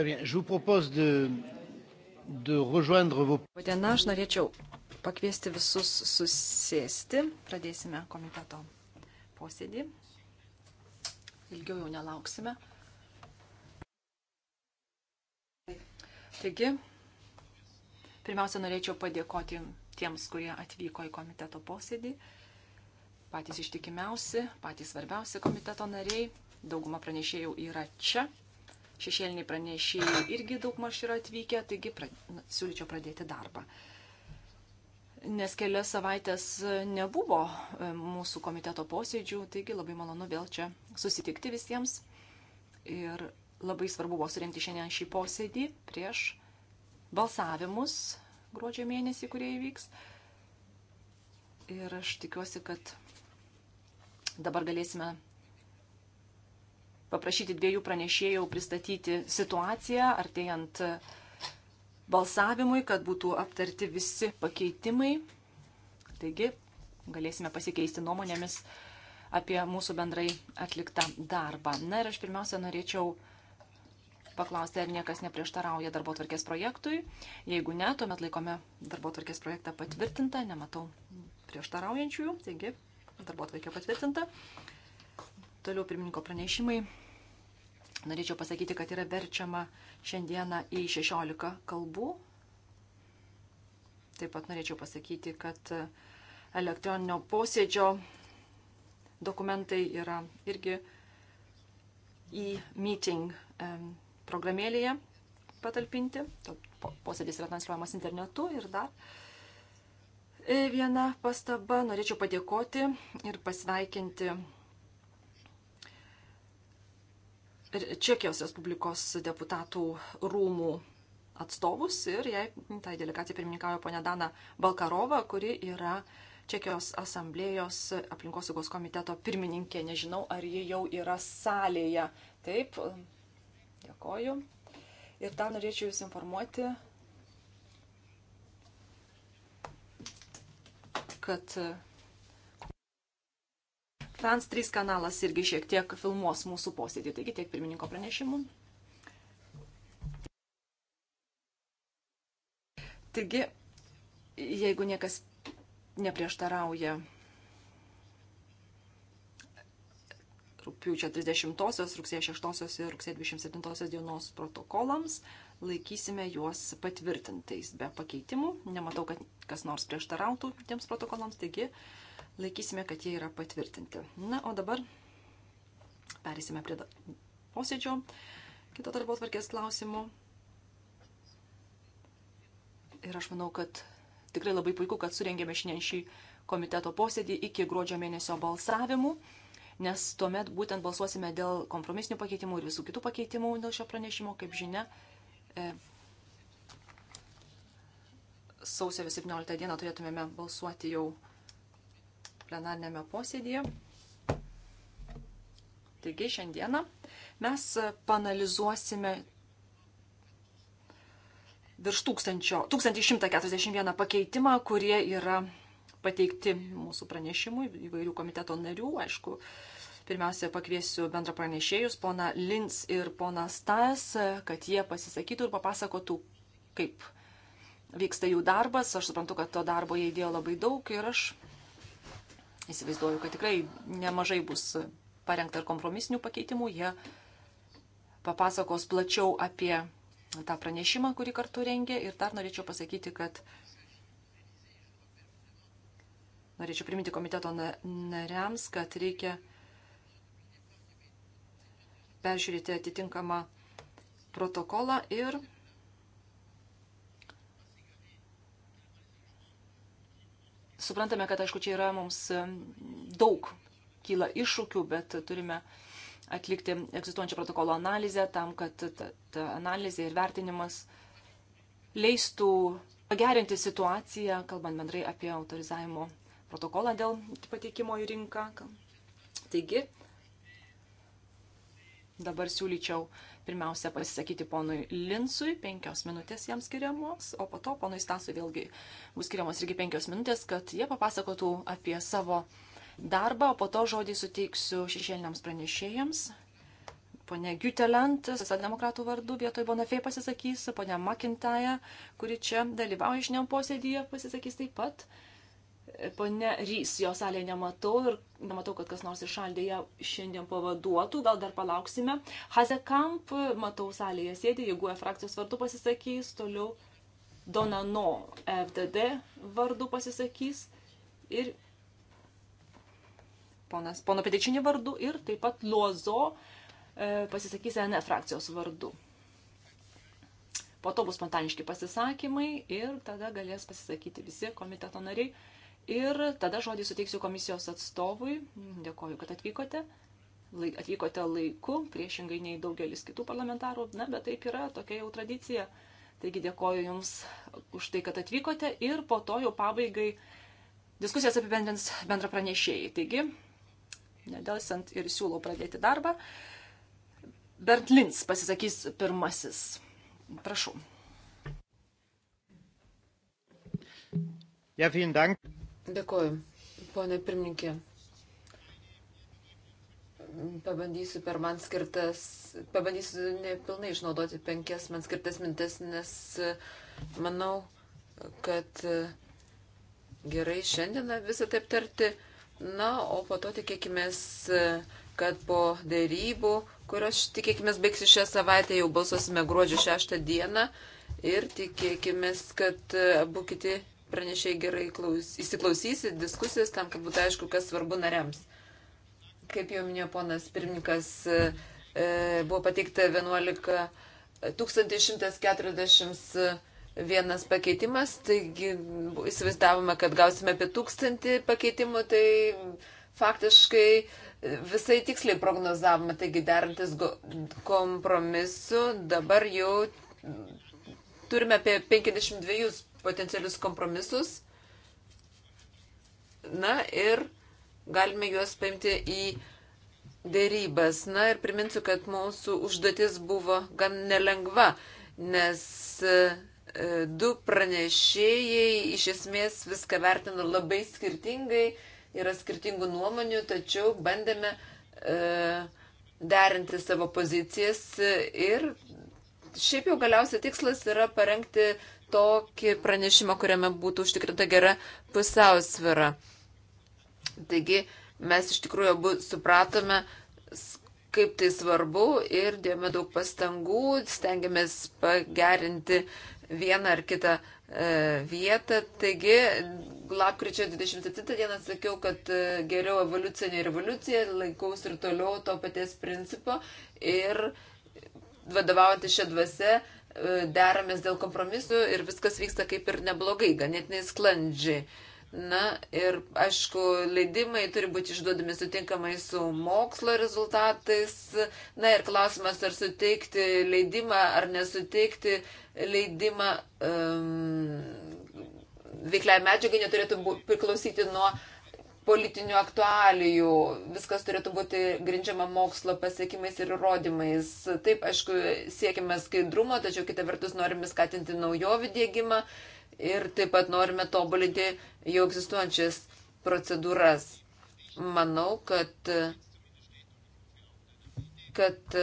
Diena, aš norėčiau pakviesti visus susėsti. Pradėsime komiteto posėdį. Ilgiau jau nelauksime. Taigi, pirmiausia, norėčiau padėkoti tiems, kurie atvyko į komiteto posėdį. Patys ištikimiausi, patys svarbiausi komiteto nariai. Dauguma pranešėjų yra čia šešėliniai pranešėjai irgi daug maž yra atvykę, taigi pra, siūlyčiau pradėti darbą. Nes kelias savaitės e, nebuvo e, mūsų komiteto posėdžių, taigi labai malonu vėl čia susitikti visiems. Ir labai svarbu buvo surinkti šiandien šį posėdį prieš balsavimus gruodžio mėnesį, kurie įvyks. Ir aš tikiuosi, kad dabar galėsime paprašyti dviejų pranešėjų pristatyti situaciją artėjant e, balsavimui, kad būtų aptarti visi pakeitimai. Taigi galėsime pasikeisti nuomonėmis apie mūsų bendrai atliktą darbą. Na ir aš pirmiausia norėčiau paklausti, ar niekas neprieštarauja darbo tvarkės projektui. Jeigu ne, tuomet laikome darbo tvarkės projektą patvirtintą, nematau prieštaraujančiųjų, taigi darbo tvarkė patvirtinta. patvirtinta. Toliau pirmininko pranešimai. Norėčiau pasakyti, kad yra verčiama šiandieną į 16 kalbų. Taip pat norėčiau pasakyti, kad elektroninio posėdžio dokumentai yra irgi į meeting programėlėje patalpinti. Posėdis yra transliuojamas internetu ir dar. E, viena pastaba, norėčiau padėkoti ir pasveikinti Čekijos Respublikos deputatų rūmų atstovus ir jai tai delegacija pirmininkauja ponia Dana Balkarova, kuri yra Čekijos asamblėjos aplinkosaugos komiteto pirmininkė. Nežinau, ar ji jau yra salėje. Taip, dėkoju. Ir dar norėčiau Jūs informuoti, kad Trans 3 kanalas irgi šiek tiek filmuos mūsų posėdį, taigi tiek pirmininko pranešimų. Taigi, jeigu niekas neprieštarauja rūpiučio 30-osios, rugsėjo 6-osios ir rugsėjo 27-osios dienos protokolams, laikysime juos patvirtintais be pakeitimų. Nematau, kad kas nors prieštarautų tiems protokolams, taigi uh, laikysime, kad jie yra patvirtinti. Na, o dabar perėsime prie posėdžio kito darbo atvarkės klausimų. Ir aš manau, kad tikrai labai puiku, kad surengėme šiandien šį komiteto posėdį iki gruodžio mėnesio balsavimų, nes tuomet būtent balsuosime dėl kompromisinių pakeitimų ir visų kitų pakeitimų dėl šio pranešimo, kaip žinia. E, sausio 17 dieną turėtumėme balsuoti jau plenarnėme posėdėje. Taigi šiandieną mes panalizuosime virš 1141 pakeitimą, kurie yra pateikti mūsų pranešimui įvairių komiteto narių. Aišku, pirmiausia, pakviesiu bendra pranešėjus, pona Lins ir pona Stas, kad jie pasisakytų ir papasakotų, kaip vyksta jų darbas. Aš suprantu, kad to darbo jie įdėjo labai daug ir aš Įsivaizduoju, kad tikrai nemažai bus parengta ir kompromisinių pakeitimų. Jie papasakos plačiau apie tą pranešimą, kurį kartu rengė. Ir dar norėčiau pasakyti, kad norėčiau priminti komiteto nariams, kad reikia peržiūrėti atitinkamą protokolą ir Suprantame, kad aišku, čia yra mums daug kyla iššūkių, bet turime atlikti egzistuojančio protokolo analizę tam, kad ta, ta analizė ir vertinimas leistų pagerinti situaciją, kalbant bendrai apie autorizavimo protokolą dėl pateikimo į rinką. Taigi, dabar siūlyčiau pirmiausia pasisakyti ponui Linsui, penkios minutės jam skiriamos, o po to ponui Stasui vėlgi bus skiriamos irgi penkios minutės, kad jie papasakotų apie savo darbą, o po to žodį suteiksiu šešėliniams pranešėjams. Pone Gutelant, socialdemokratų vardu vietoj Bonafei pasisakys, pone McIntyre, kuri čia dalyvauja šiandien posėdėje, pasisakys taip pat. Uh, Pone Rys, jo salėje nematau ir nematau, kad kas nors iš šaldė ją šiandien pavaduotų, gal dar palauksime. Hazekamp, matau salėje sėdė, jeigu e frakcijos vardu pasisakys, toliau Donano FDD vardu pasisakys ir ponas, pono Pedečinį vardu ir taip pat Luozo e, pasisakys NF e frakcijos vardu. Po to bus spontaniški pasisakymai ir tada galės pasisakyti visi komiteto nariai Ir tada žodį suteiksiu komisijos atstovui. Dėkoju, kad atvykote. Lai, atvykote laiku, priešingai nei daugelis kitų parlamentarų, na, bet taip yra, tokia jau tradicija. Taigi dėkoju Jums už tai, kad atvykote ir po to jau pabaigai diskusijas apibendrins bendra pranešėjai. Taigi, nedelsant ir siūlau pradėti darbą. Bernd Lins pasisakys pirmasis. Prašau. Ja, vielen Dank. Dėkuoju, ponė pirmininkė. Pabandysiu per man skirtas, pabandysiu nepilnai išnaudoti penkias man skirtas mintis, nes e, manau, kad e, gerai šiandieną visą taip tarti. Na, o po to tikėkime, kad po dėrybų, kurios tikėkime baigsi šią savaitę, jau balsuosime gruodžio šeštą dieną ir tikėkime, kad e, abu kiti pranešiai gerai klaus, įsiklausys į diskusijas tam, kad būtų aišku, kas svarbu nariams. Kaip jau minėjo ponas pirmininkas, e, e buvo pateikta 11 1141 pakeitimas, taigi įsivaizdavome, kad gausime apie 1000 pakeitimų, tai faktiškai visai tiksliai prognozavome, taigi derantis kompromisu dabar jau turime apie 52 potencialius kompromisus. Na ir galime juos paimti į dėrybas. Na ir priminsiu, kad mūsų užduotis buvo gan nelengva, nes e, du pranešėjai iš esmės viską vertino labai skirtingai, yra skirtingų nuomonių, tačiau bandėme e, derinti savo pozicijas ir šiaip jau galiausiai tikslas yra parengti tokį pranešimą, kuriame būtų užtikrinta gera pusiausvėra. Taigi mes iš tikrųjų abu supratome, kaip tai svarbu ir dėjome daug pastangų, stengiamės pagerinti vieną ar kitą e, vietą. Taigi, lapkričio 27 dieną sakiau, kad e, geriau evoliucija nei revoliucija, laikaus ir toliau to paties principo ir vadovaujant šią dvasę deramės dėl kompromisų ir viskas vyksta kaip ir neblogai, ganėtinai sklandžiai. Na ir aišku, leidimai turi būti išduodami sutinkamai su mokslo rezultatais. Na ir klausimas, ar suteikti leidimą ar nesuteikti leidimą um, veikliai medžiagai neturėtų priklausyti nuo uh, politinių aktualijų. Viskas turėtų būti grindžiama mokslo pasiekimais ir įrodymais. Taip, aišku, siekime skaidrumo, tačiau kitą vertus norime skatinti naujovių dėgymą ir taip pat norime tobulinti jau egzistuojančias procedūras. Manau, kad, kad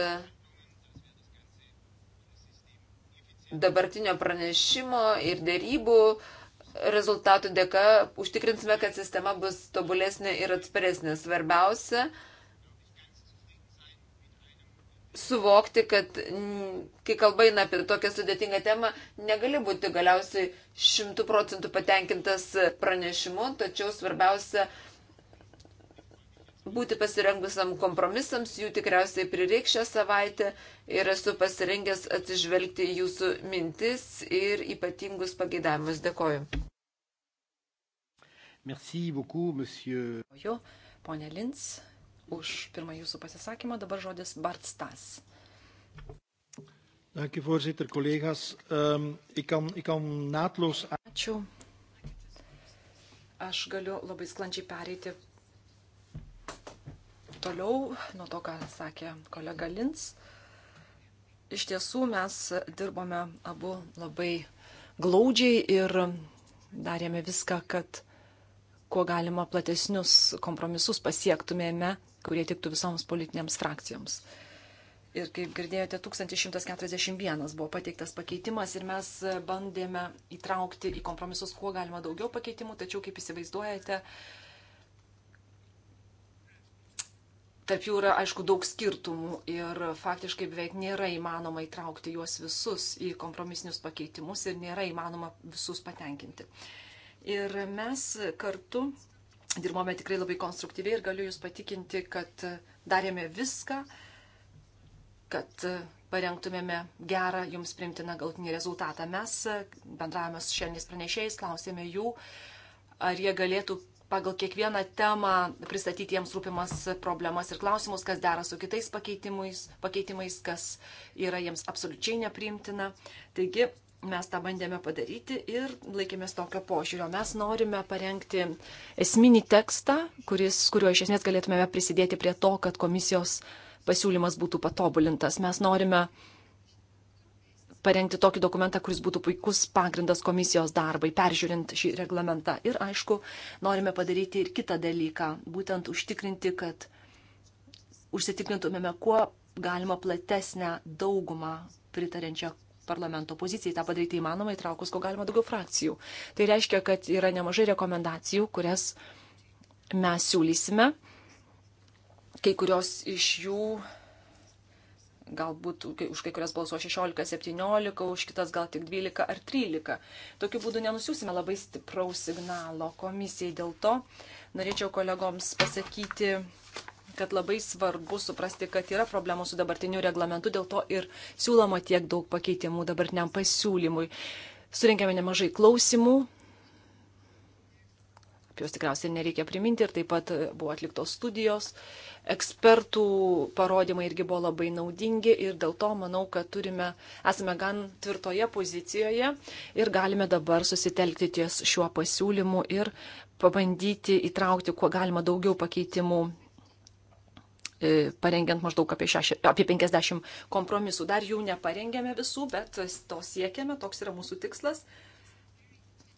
dabartinio pranešimo ir dėrybų uh, rezultatų dėka užtikrinsime, kad sistema bus tobulesnė ir atsparesnė. Svarbiausia suvokti, kad kai kalba eina apie tokią sudėtingą temą, negali būti galiausiai šimtų procentų patenkintas pranešimu, tačiau svarbiausia uh, būti pasirengusiam kompromisams, jų tikriausiai prireiks šią savaitę ir esu pasirengęs atsižvelgti jūsų mintis ir ypatingus pageidavimus. Dėkoju. Merci beaucoup, monsieur. Jo, ponė Lins, už pirmą jūsų pasisakymą dabar žodis Bartstas. Dank u, voorzitter, collega's. Um, ik, kan, ik kan naadloos. Ačiū. Aš galiu labai sklandžiai pereiti toliau nuo to, ką sakė kolega Lins. Iš tiesų mes dirbome abu labai glaudžiai ir darėme viską, kad kuo galima platesnius kompromisus pasiektumėme, kurie tiktų visoms politinėms frakcijoms. Ir kaip girdėjote, 1141 buvo pateiktas pakeitimas ir mes bandėme įtraukti į kompromisus kuo galima daugiau pakeitimų, tačiau kaip įsivaizduojate, uh, Tarp jų yra, aišku, daug skirtumų ir faktiškai beveik nėra įmanoma įtraukti juos visus į kompromisinius pakeitimus ir nėra įmanoma visus patenkinti. Ir mes kartu dirbome tikrai labai konstruktyviai ir galiu Jūs patikinti, kad darėme viską, kad parengtumėme gerą jums primtiną galtinį rezultatą. Mes bendravome su šiandienis pranešėjais, klausėme jų, ar jie galėtų pagal kiekvieną temą pristatyti jiems rūpimas problemas ir klausimus, kas dera su kitais pakeitimais, pakeitimais kas yra jiems absoliučiai nepriimtina. Taigi mes tą bandėme padaryti ir laikėmės tokio požiūrio. Mes norime parengti esminį tekstą, kuris, kuriuo iš esmės galėtumėme prisidėti prie to, kad komisijos pasiūlymas būtų patobulintas. Mes norime parengti tokį dokumentą, kuris būtų puikus pagrindas komisijos darbai, peržiūrint šį reglamentą. Ir aišku, norime padaryti ir kitą dalyką, būtent užtikrinti, kad užsitikrintumėme kuo galima platesnę daugumą pritarenčią parlamento pozicijai. Ta padaryti įmanoma įtraukus, ko galima daugiau frakcijų. Tai reiškia, kad yra nemažai rekomendacijų, kurias mes siūlysime. Kai kurios iš jų galbūt už kai kurias balsuos 16, 17, už kitas gal tik 12 ar 13. Tokiu būdu nenusiusime labai stipraus signalo komisijai. Dėl to norėčiau kolegoms pasakyti, kad labai svarbu suprasti, kad yra problemų su dabartiniu reglamentu, dėl to ir siūloma tiek daug pakeitimų dabartiniam pasiūlymui. Surinkėme nemažai klausimų, jos tikriausiai nereikia priminti, ir taip pat e, buvo atliktos studijos, ekspertų parodymai irgi buvo labai naudingi ir dėl to manau, kad turime, esame gan tvirtoje pozicijoje ir galime dabar susitelkti ties šiuo pasiūlymu ir pabandyti įtraukti kuo galima daugiau pakeitimų e, parengiant maždaug apie, šeši, apie 50 kompromisų. Dar jų neparengėme visų, bet to siekiame, toks yra mūsų tikslas.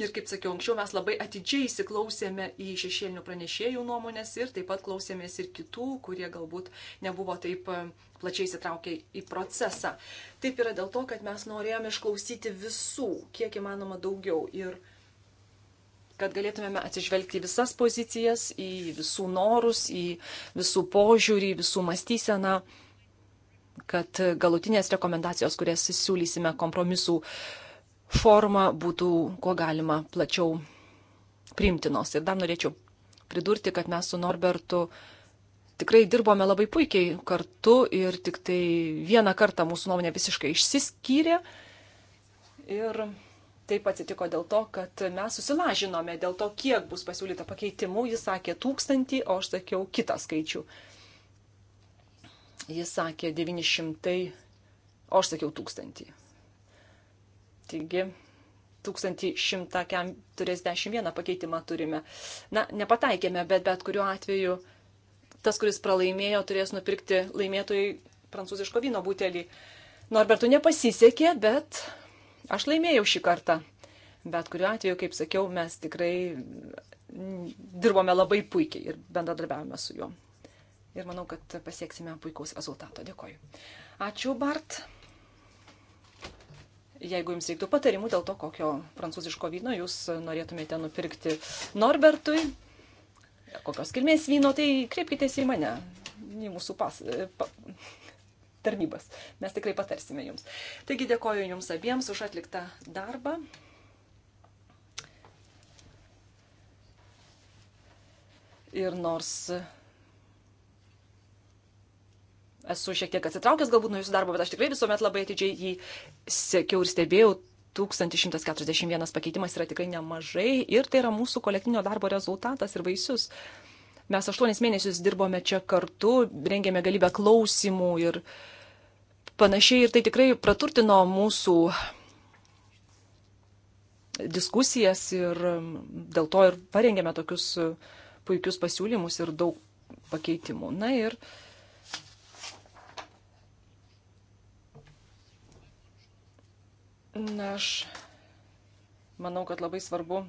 Ir kaip sakiau anksčiau, mes labai atidžiai įsiklausėme į šešėlinių pranešėjų nuomonės ir taip pat klausėmės ir kitų, kurie galbūt nebuvo taip e, plačiai įsitraukę į procesą. Taip yra dėl to, kad mes norėjome išklausyti visų, kiek įmanoma daugiau ir kad galėtumėme atsižvelgti visas pozicijas, į visų norus, į visų požiūrį, į visų mąstyseną kad galutinės rekomendacijos, kurias siūlysime kompromisų forma būtų kuo galima plačiau priimtinos. Ir dar norėčiau pridurti, kad mes su Norbertu tikrai dirbome labai puikiai kartu ir tik tai vieną kartą mūsų nuomonė visiškai išsiskyrė. Ir taip atsitiko dėl to, kad mes susilažinome dėl to, kiek bus pasiūlyta pakeitimų. Jis sakė tūkstantį, o aš sakiau kitą skaičių. Jis sakė 900, o aš sakiau tūkstantį. Taigi 1141 pakeitimą turime. Na, nepataikėme, bet bet kuriuo atveju tas, kuris pralaimėjo, turės nupirkti laimėtojai prancūziško vyno butelį. Norbertų nepasisekė, bet aš laimėjau šį kartą. Bet kuriuo atveju, kaip sakiau, mes tikrai dirbome labai puikiai ir bendradarbiavome su juo. Ir manau, kad pasieksime puikaus rezultato. Dėkoju. Ačiū, Bart jeigu jums reiktų patarimų dėl to, kokio prancūziško vyno jūs norėtumėte nupirkti Norbertui, kokios kilmės vyno, tai kreipkitės į mane, į mūsų pas, pa, tarnybas. Mes tikrai patarsime jums. Taigi dėkoju jums abiems už atliktą darbą. Ir nors esu šiek tiek atsitraukęs galbūt nuo jūsų darbo, bet aš tikrai visuomet labai atidžiai jį sekiau ir stebėjau. 1141 pakeitimas yra tikrai nemažai ir tai yra mūsų kolektinio darbo rezultatas ir vaisius. Mes aštuonis mėnesius dirbome čia kartu, rengėme galybę klausimų ir panašiai ir tai tikrai praturtino mūsų diskusijas ir dėl to ir parengėme tokius puikius pasiūlymus ir daug pakeitimų. Na ir uh, Na, aš manau, kad labai svarbu,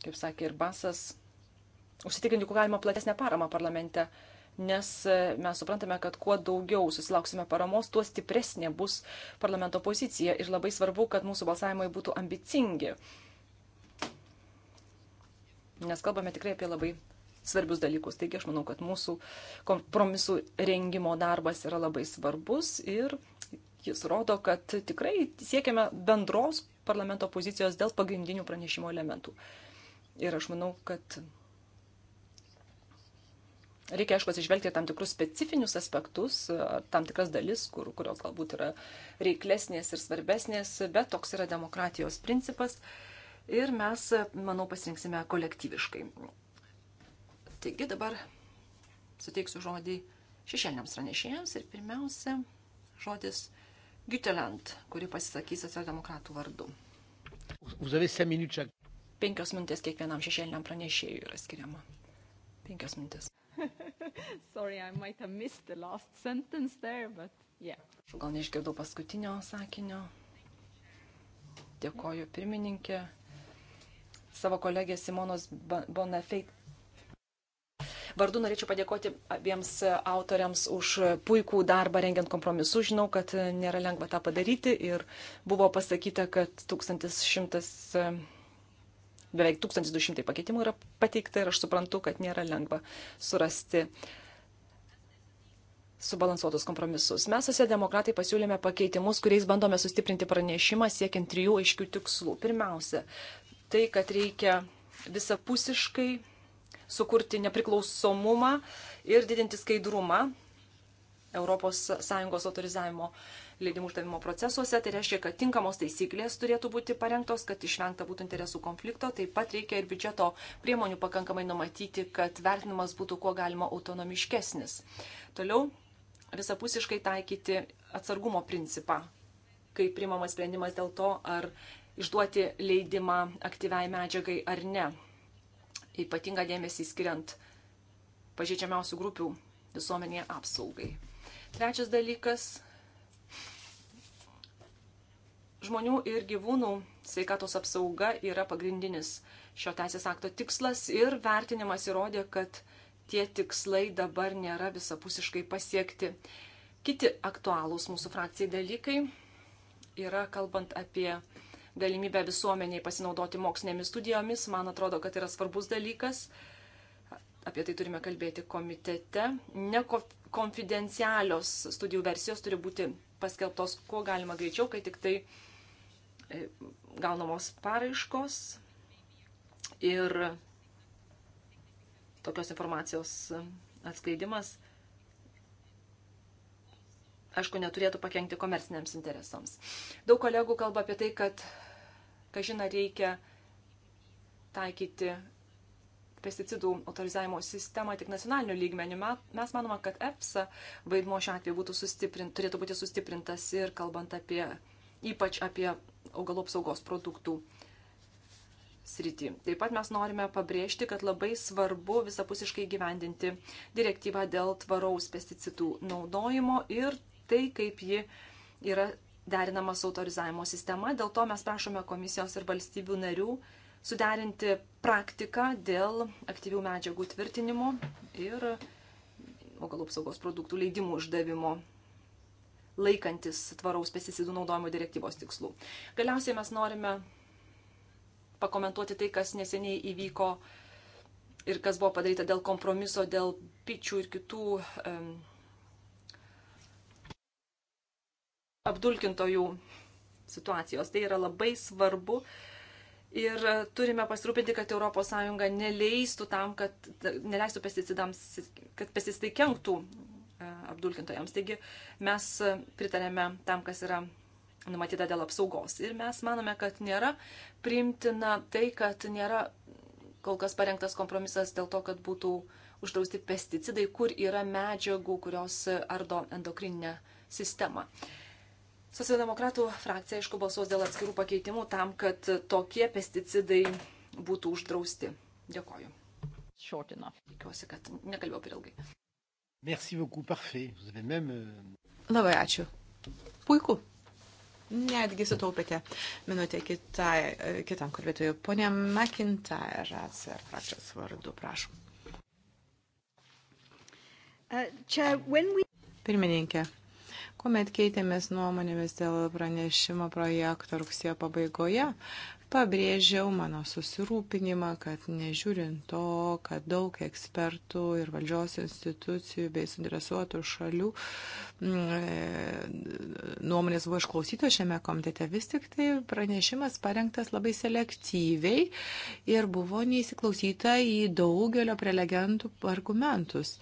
kaip sakė ir Basas, užsitikrinti kuo galima platesnę paramą parlamente, nes e, mes suprantame, kad kuo daugiau susilauksime paramos, tuo stipresnė bus parlamento pozicija ir labai svarbu, kad mūsų balsavimai būtų ambicingi. Nes kalbame tikrai apie labai svarbius dalykus. Taigi aš manau, kad mūsų kompromisų rengimo darbas yra labai svarbus ir Jis rodo, kad tikrai siekiame bendros parlamento pozicijos dėl pagrindinių pranešimo elementų. Ir aš manau, kad reikia, aišku, atsižvelgti tam tikrus specifinius aspektus, tam tikras dalis, kur, kurios galbūt yra reiklesnės ir svarbesnės, bet toks yra demokratijos principas. Ir mes, manau, pasirinksime kolektyviškai. Taigi dabar suteiksiu žodį šešėliniams pranešėjams ir pirmiausia žodis Gytelant, kuri pasisakys socialdemokratų vardu. Penkios minutės kiekvienam šešėliniam pranešėjui yra skiriama. Penkios minutės. Sorry, I might have missed the last sentence there, but yeah. Aš gal neišgirdau paskutinio sakinio. Dėkoju pirmininkė. Savo kolegė Simonos Bonafeit vardu norėčiau padėkoti abiems autoriams už puikų darbą rengiant kompromisus. Žinau, kad nėra lengva tą padaryti ir buvo pasakyta, kad 1100 beveik 1200 pakeitimų yra pateikta ir aš suprantu, kad nėra lengva surasti subalansuotus kompromisus. Mes, socialdemokratai, pasiūlėme pakeitimus, kuriais bandome sustiprinti pranešimą siekiant trijų aiškių tikslų. Pirmiausia, tai, kad reikia visapusiškai sukurti nepriklausomumą ir didinti skaidrumą ES autorizavimo leidimų uždavimo procesuose. Tai reiškia, kad tinkamos taisyklės turėtų būti parengtos, kad išvengta būtų interesų konflikto. Taip pat reikia ir biudžeto priemonių pakankamai numatyti, kad vertinimas būtų kuo galima autonomiškesnis. Toliau visapusiškai taikyti atsargumo principą, kai primamas sprendimas dėl to, ar išduoti leidimą aktyviai medžiagai ar ne ypatingą dėmesį skiriant pažeidžiamiausių grupių visuomenėje apsaugai. Trečias dalykas - žmonių ir gyvūnų sveikatos apsauga yra pagrindinis šio teisės akto tikslas ir vertinimas įrodė, kad tie tikslai dabar nėra visapusiškai pasiekti. Kiti aktualūs mūsų frakcijai dalykai yra kalbant apie galimybę visuomeniai pasinaudoti mokslinėmis studijomis. Man atrodo, kad yra svarbus dalykas. Apie tai turime kalbėti komitete. Nekonfidencialios studijų versijos turi būti paskelbtos kuo galima greičiau, kai tik tai e, gaunamos paraiškos. Ir tokios informacijos atskleidimas aišku, neturėtų pakengti komerciniams interesams. Daug kolegų kalba apie tai, kad kažina reikia taikyti pesticidų autorizavimo sistemą tik nacionaliniu lygmeniu. Mes manome, kad EFSA vaidmo šiuo atveju būtų sustiprint, turėtų būti sustiprintas ir kalbant apie, ypač apie augalų apsaugos produktų sritį. Taip pat mes norime pabrėžti, kad labai svarbu visapusiškai gyvendinti direktyvą dėl tvaraus pesticidų naudojimo ir tai, kaip ji yra derinama su autorizavimo sistema. Dėl to mes prašome komisijos ir valstybių narių suderinti praktiką dėl aktyvių medžiagų tvirtinimo ir augalų apsaugos produktų leidimų išdavimo laikantis tvaraus pesticidų naudojimo direktyvos tikslų. Galiausiai mes norime pakomentuoti tai, kas neseniai įvyko ir kas buvo padaryta dėl kompromiso, dėl pičių ir kitų um, apdulkintojų situacijos. Tai yra labai svarbu. Ir turime pasirūpinti, kad ES neleistų tam, kad neleistų pesticidams, kad pesticidai kenktų e, apdulkintojams. Taigi mes pritarėme tam, kas yra numatyta dėl apsaugos. Ir mes manome, kad nėra priimtina tai, kad nėra kol kas parengtas kompromisas dėl to, kad būtų uždrausti pesticidai, kur yra medžiagų, kurios ardo endokrininę sistemą. Uh, Socialdemokratų frakcija, aišku, balsuos dėl atskirų pakeitimų tam, kad tokie pesticidai būtų uždrausti. Dėkoju. Šortino. Tikiuosi, kad nekalbėjau per ilgai. Merci beaucoup, parfait. Vous avez même... Euh, Labai ačiū. Puiku. Netgi sutaupėte minutę kitai, e, kitam kalbėtojui. Pone McIntyre, ACR frakcijos vardu, prašom. Uh, čia, we... Pirmininkė, kuomet keitėmės nuomonėmis dėl pranešimo projekto rugsėjo pabaigoje, pabrėžiau mano susirūpinimą, kad nežiūrint to, kad daug ekspertų ir valdžios institucijų bei suinteresuotų šalių mm, e, nuomonės buvo išklausytos šiame komitete, vis tik tai pranešimas parengtas labai selektyviai ir buvo neįsiklausyta į daugelio prelegentų argumentus.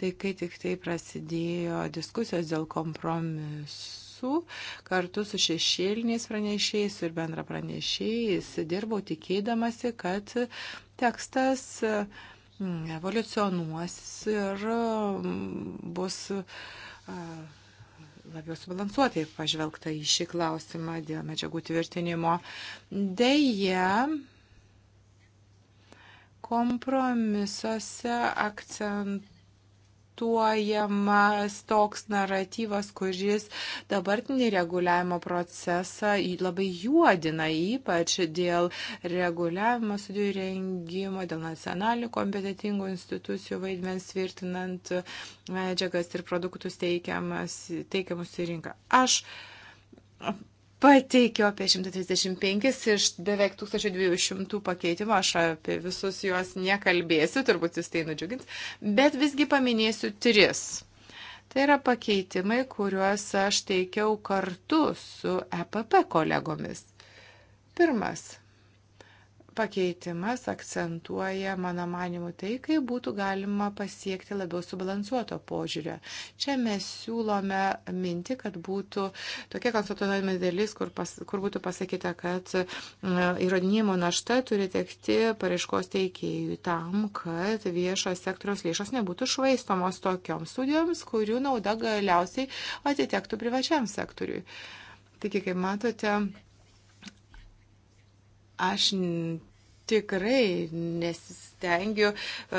Tai kai tik tai prasidėjo diskusijos dėl kompromisų, tiesų kartu su šešėliniais pranešėjais ir bendra pranešėjais dirbau tikėdamasi, kad tekstas mm, evoliucionuos ir mm, bus labiau subalansuotai pažvelgta į šį klausimą dėl medžiagų tvirtinimo. Deja, kompromisuose akcentuojama akcentuojamas toks naratyvas, kuris dabartinį reguliavimo procesą labai juodina, ypač dėl reguliavimo studijų rengimo, dėl nacionalinių kompetitingų institucijų vaidmens tvirtinant medžiagas ir produktus teikiamus į rinką. Aš pateikiau apie 135 iš beveik 1200 pakeitimų, aš apie visus juos nekalbėsiu, turbūt jūs tai nudžiugins, bet visgi paminėsiu tris. Tai yra pakeitimai, kuriuos aš teikiau kartu su EPP kolegomis. Pirmas pakeitimas akcentuoja, mano manimu, tai, kaip būtų galima pasiekti labiau subalansuoto požiūrio. Čia mes siūlome minti, kad būtų tokia konstatuojama dalis, kur, pas, kur būtų pasakyta, kad e, įrodinimo našta turi tekti pareiškos teikėjui tam, kad viešos sektoriaus lėšos nebūtų švaistomos tokioms studijoms, kurių nauda galiausiai atitektų privačiam sektoriui. Taigi, kaip matote, Aš tikrai nesistengiu e,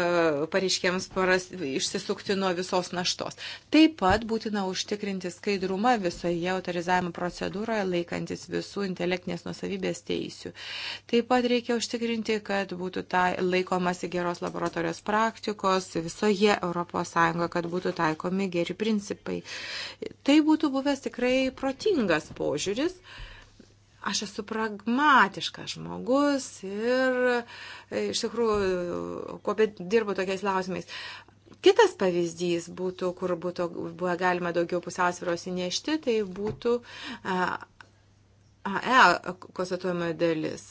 pareiškėms paras, išsisukti nuo visos naštos. Taip pat būtina užtikrinti skaidrumą visoje autorizavimo procedūroje, laikantis visų intelektinės nusavybės teisių. Taip pat reikia užtikrinti, kad būtų tai, laikomasi geros laboratorijos praktikos visoje ES, kad būtų taikomi geri principai. Tai būtų buvęs tikrai protingas požiūris. Uh, Aš esu pragmatiškas žmogus ir e, iš tikrųjų, kuo dirbu tokiais klausimais. Kitas pavyzdys būtų, kur būtų buvo galima daugiau pusiausvėros įnešti, tai būtų AE konstatuojama dalis.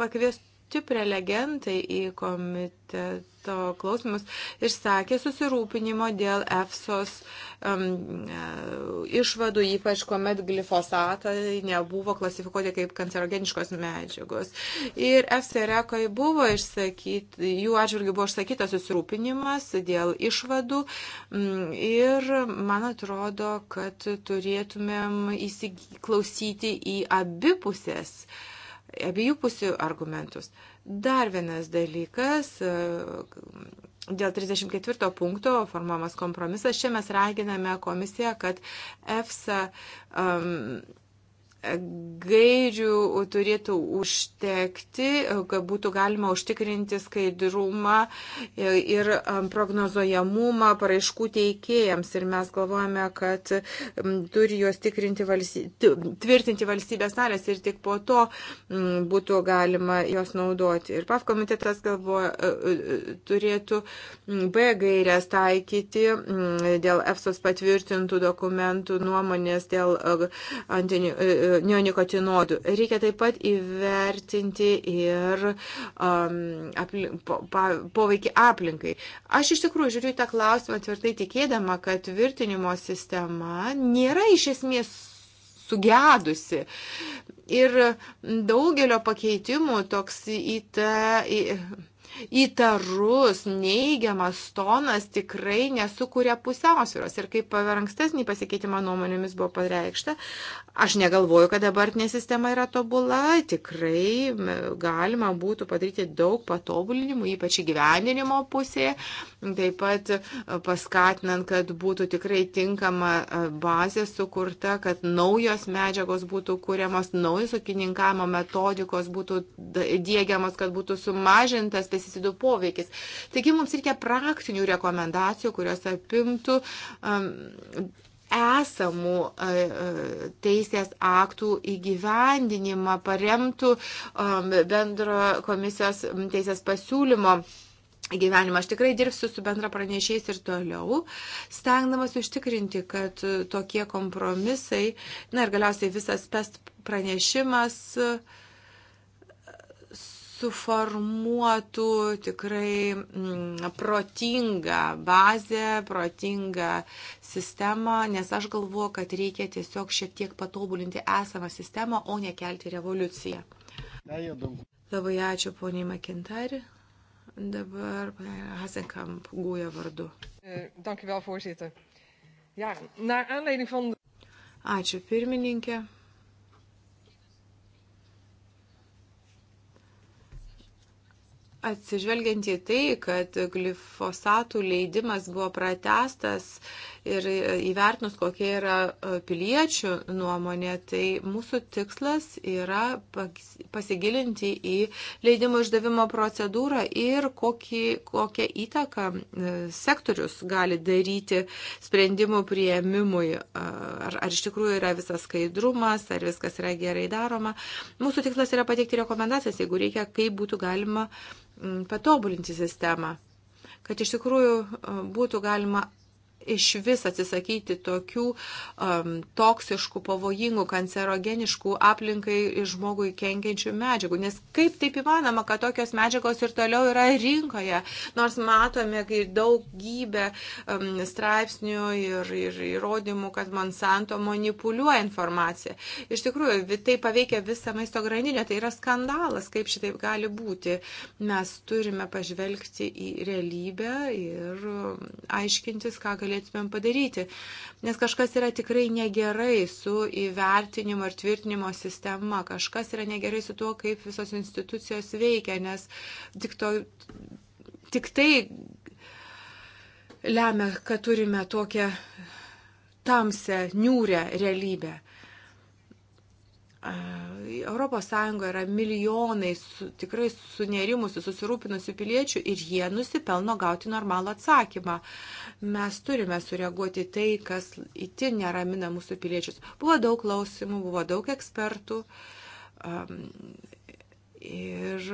Pakviest kiti prelegentai į komiteto klausimus išsakė susirūpinimo dėl EFSOS um, išvadų, ypač kuomet glifosatai nebuvo klasifikuoti kaip kancerogeniškos medžiagos. Ir EFSA rekai buvo išsakyti, jų atžvilgių buvo išsakytas susirūpinimas dėl išvadų mm, ir man atrodo, kad turėtumėm įsiklausyti į abipusės pusės abiejų pusių argumentus. Dar vienas dalykas, e, dėl 34 punkto formuojamas kompromisas, čia mes raginame komisiją, kad EFSA um, gairių turėtų užtekti, kad būtų galima užtikrinti skaidrumą ir um, prognozojamumą paraiškų teikėjams. Ir mes galvojame, kad um, turi juos valsty... tvirtinti valstybės narės ir tik po to um, būtų galima juos naudoti. Ir PAF komitetas galvoja, uh, uh, turėtų B gairias taikyti dėl EFSOS patvirtintų dokumentų nuomonės dėl uh, antinių neonikotinoidų. Reikia taip pat įvertinti ir um, aplink, po, pa, poveikį aplinkai. Aš iš tikrųjų žiūriu į tą klausimą tvirtai tikėdama, kad tvirtinimo sistema nėra iš esmės sugedusi. Ir daugelio pakeitimų toks į tą. Į, įtarus, neigiamas tonas tikrai nesukuria pusiausvėros. Ir kaip per ankstesnį pasikeitimą nuomonėmis buvo pareikšta, aš negalvoju, kad dabartinė sistema yra tobula, tikrai galima būtų padaryti daug patobulinimų, ypač įgyvendinimo pusėje, taip pat e, paskatinant, kad būtų tikrai tinkama e, bazė sukurta, kad naujos medžiagos būtų kūriamos, naujos ūkininkavimo metodikos būtų dėgiamos, kad būtų sumažintas pesticidų poveikis. Taigi mums reikia praktinių rekomendacijų, kurios apimtų um, esamų teisės aktų įgyvendinimą, paremtų um, bendro komisijos teisės pasiūlymo. Gyvenimą. Aš tikrai dirbsiu su bendra pranešiais ir toliau, stengdamas užtikrinti, kad tokie kompromisai, na ir galiausiai visas pest pranešimas uh, suformuotų tikrai m, mm, protingą bazę, protingą sistemą, nes aš galvoju, kad reikia tiesiog šiek tiek patobulinti esamą sistemą, o ne kelti revoliuciją. Labai ačiū poniai Makintari. Dabar Hasenkamp Guja vardu. Eh, ačiū pirmininkė. Atsižvelgiant į tai, kad glifosatų leidimas buvo pratestas ir įvertinus, kokia yra e, piliečių nuomonė, tai mūsų tikslas yra pasigilinti į leidimų išdavimo procedūrą ir kokį, kokią įtaką e, sektorius gali daryti sprendimų prieimimui. E, ar, ar iš tikrųjų yra visas skaidrumas, ar viskas yra gerai daroma. Mūsų tikslas yra pateikti rekomendacijas, jeigu reikia, kaip būtų galima patobulinti sistemą kad iš tikrųjų būtų galima iš vis atsisakyti tokių um, toksiškų, pavojingų, kancerogeniškų aplinkai žmogui kenkiančių medžiagų. Nes kaip taip įmanoma, kad tokios medžiagos ir toliau yra rinkoje, nors matome daugybę um, straipsnių ir, ir įrodymų, kad Monsanto manipuliuoja informaciją. Iš tikrųjų, tai paveikia visą maisto grandinę, tai yra skandalas, kaip šitaip gali būti. Mes turime pažvelgti į realybę ir um, aiškintis, ką galime galėtumėm padaryti. Nes kažkas yra tikrai negerai su įvertinimo ir tvirtinimo sistema, kažkas yra negerai su tuo, kaip visos institucijos veikia, nes tik, to, tik tai lemia, kad turime tokią tamsę, niūrę realybę. Europos Sąjungoje yra milijonai su, tikrai sunerimusių, susirūpinusių piliečių ir jie nusipelno gauti normalų atsakymą. Mes turime sureaguoti tai, kas įti neramina mūsų piliečius. Buvo daug klausimų, buvo daug ekspertų um, ir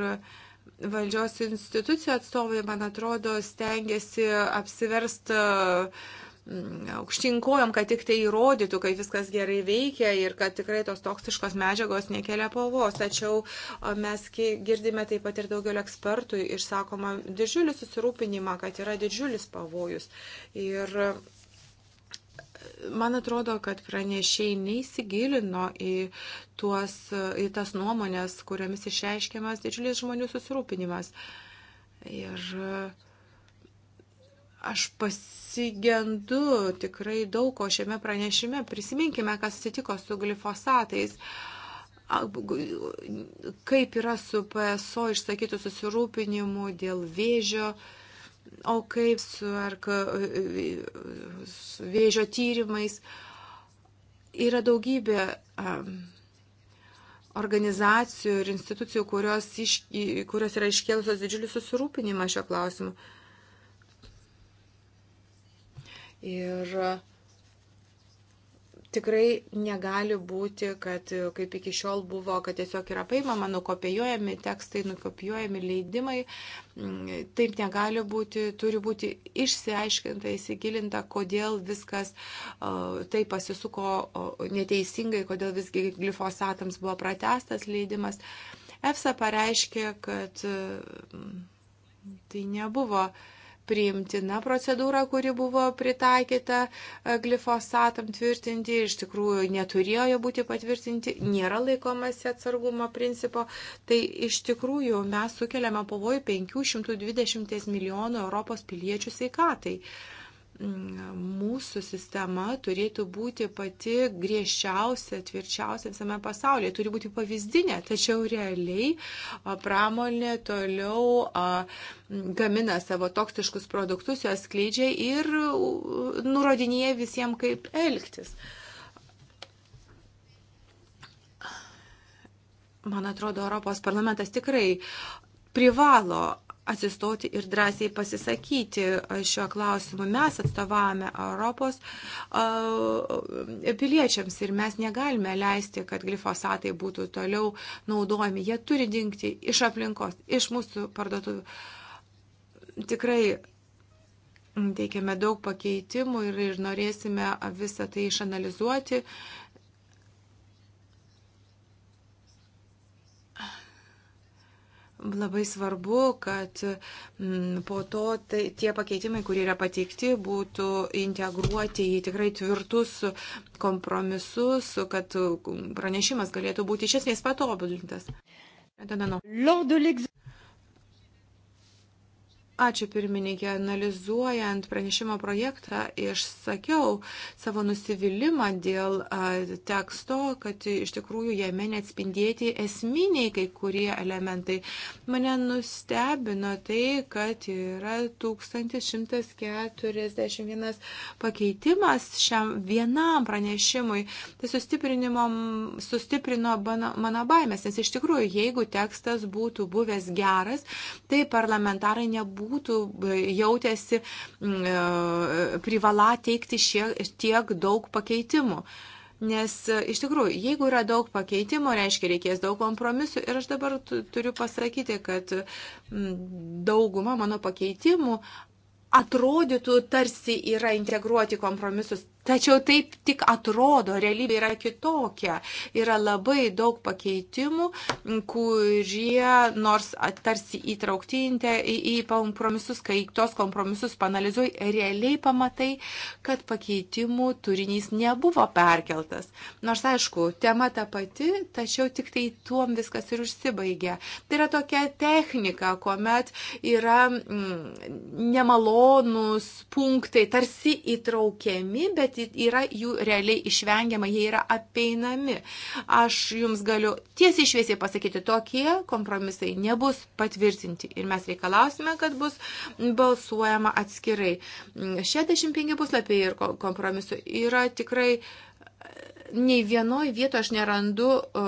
valdžios institucijų atstovai, man atrodo, stengiasi apsiversti uh, Mm, aukštinkojom, kad tik tai įrodytų, kad viskas gerai veikia ir kad tikrai tos toksiškos medžiagos nekelia pavos. Tačiau mes girdime taip pat ir daugelio ekspertų išsakoma didžiulį susirūpinimą, kad yra didžiulis pavojus. Ir man atrodo, kad pranešiai neįsigilino į, tuos, į tas nuomonės, kuriamis išreiškiamas didžiulis žmonių susirūpinimas. Ir uh, Aš pasigendu tikrai daug ko šiame pranešime. Prisiminkime, kas atsitiko su glifosatais kaip yra su PSO išsakytų susirūpinimų dėl vėžio, o kaip su, ar, su vėžio tyrimais. Yra daugybė organizacijų ir institucijų, kurios, iš, kurios yra iškėlusios didžiulį susirūpinimą šio klausimu. Ir e, tikrai negali būti, kad e, kaip iki šiol buvo, kad tiesiog yra paimama, nukopijuojami tekstai, nukopijuojami leidimai. Mm, taip negali būti, turi būti išsiaiškinta, įsigilinta, kodėl viskas uh, taip pasisuko uh, neteisingai, kodėl visgi glifosatams buvo pratestas leidimas. EFSA pareiškė, kad uh, tai nebuvo uh, priimtina procedūra, kuri buvo pritaikyta e, glifosatam tvirtinti, iš tikrųjų neturėjo būti patvirtinti, nėra laikomasi atsargumo principo, tai iš tikrųjų mes sukeliame pavojų 520 milijonų Europos piliečių sveikatai. Tai Mm, mūsų sistema turėtų būti pati griežčiausia, tvirčiausia visame pasaulyje, turi būti pavyzdinė, tačiau realiai pramonė toliau gamina savo toksiškus produktus, juos skleidžia ir nurodinėja visiems, kaip elgtis. Man atrodo, Europos parlamentas tikrai privalo atsistoti ir drąsiai pasisakyti šiuo klausimu. Mes atstovavome Europos piliečiams ir mes negalime leisti, kad glifosatai būtų toliau naudojami. Jie turi dinkti iš aplinkos, iš mūsų parduotuvių. Tikrai teikiame daug pakeitimų ir, ir norėsime visą tai išanalizuoti Labai svarbu, kad mm, po to tai, tie pakeitimai, kurie yra pateikti, būtų integruoti į tikrai tvirtus kompromisus, kad pranešimas galėtų būti iš esmės patobulintas. Ačiū pirmininkė, analizuojant pranešimo projektą, išsakiau savo nusivylimą dėl teksto, kad iš tikrųjų jame neatspindėti esminiai kai kurie elementai. Mane nustebino tai, kad yra 1141 pakeitimas šiam vienam pranešimui. Tai sustiprino mano baimės, nes iš tikrųjų, jeigu tekstas būtų buvęs geras, tai parlamentarai nebūtų nebūtų e, jautėsi e, privalą teikti šie, tiek daug pakeitimų. Nes e, iš tikrųjų, jeigu yra daug pakeitimų, reiškia reikės daug kompromisų. Ir aš dabar turiu pasakyti, kad dauguma mano pakeitimų atrodytų tarsi yra integruoti kompromisus Tačiau taip tik atrodo, realybė yra kitokia. Yra labai daug pakeitimų, kurie nors tarsi įtraukti į kompromisus, kai tos kompromisus panalizuoji, realiai pamatai, kad pakeitimų turinys nebuvo perkeltas. Nors aišku, tema ta pati, tačiau tik tai tuom viskas ir užsibaigia. Tai yra tokia technika, kuomet yra mm, nemalonus punktai tarsi įtraukiami, bet bet tai yra jų realiai išvengiama, jie yra apeinami. Aš jums galiu tiesiai šviesiai pasakyti, tokie kompromisai nebus patvirtinti ir mes reikalausime, kad bus balsuojama atskirai. 65 puslapiai ir kompromisų yra tikrai uh, nei vienoje vietoje aš nerandu e,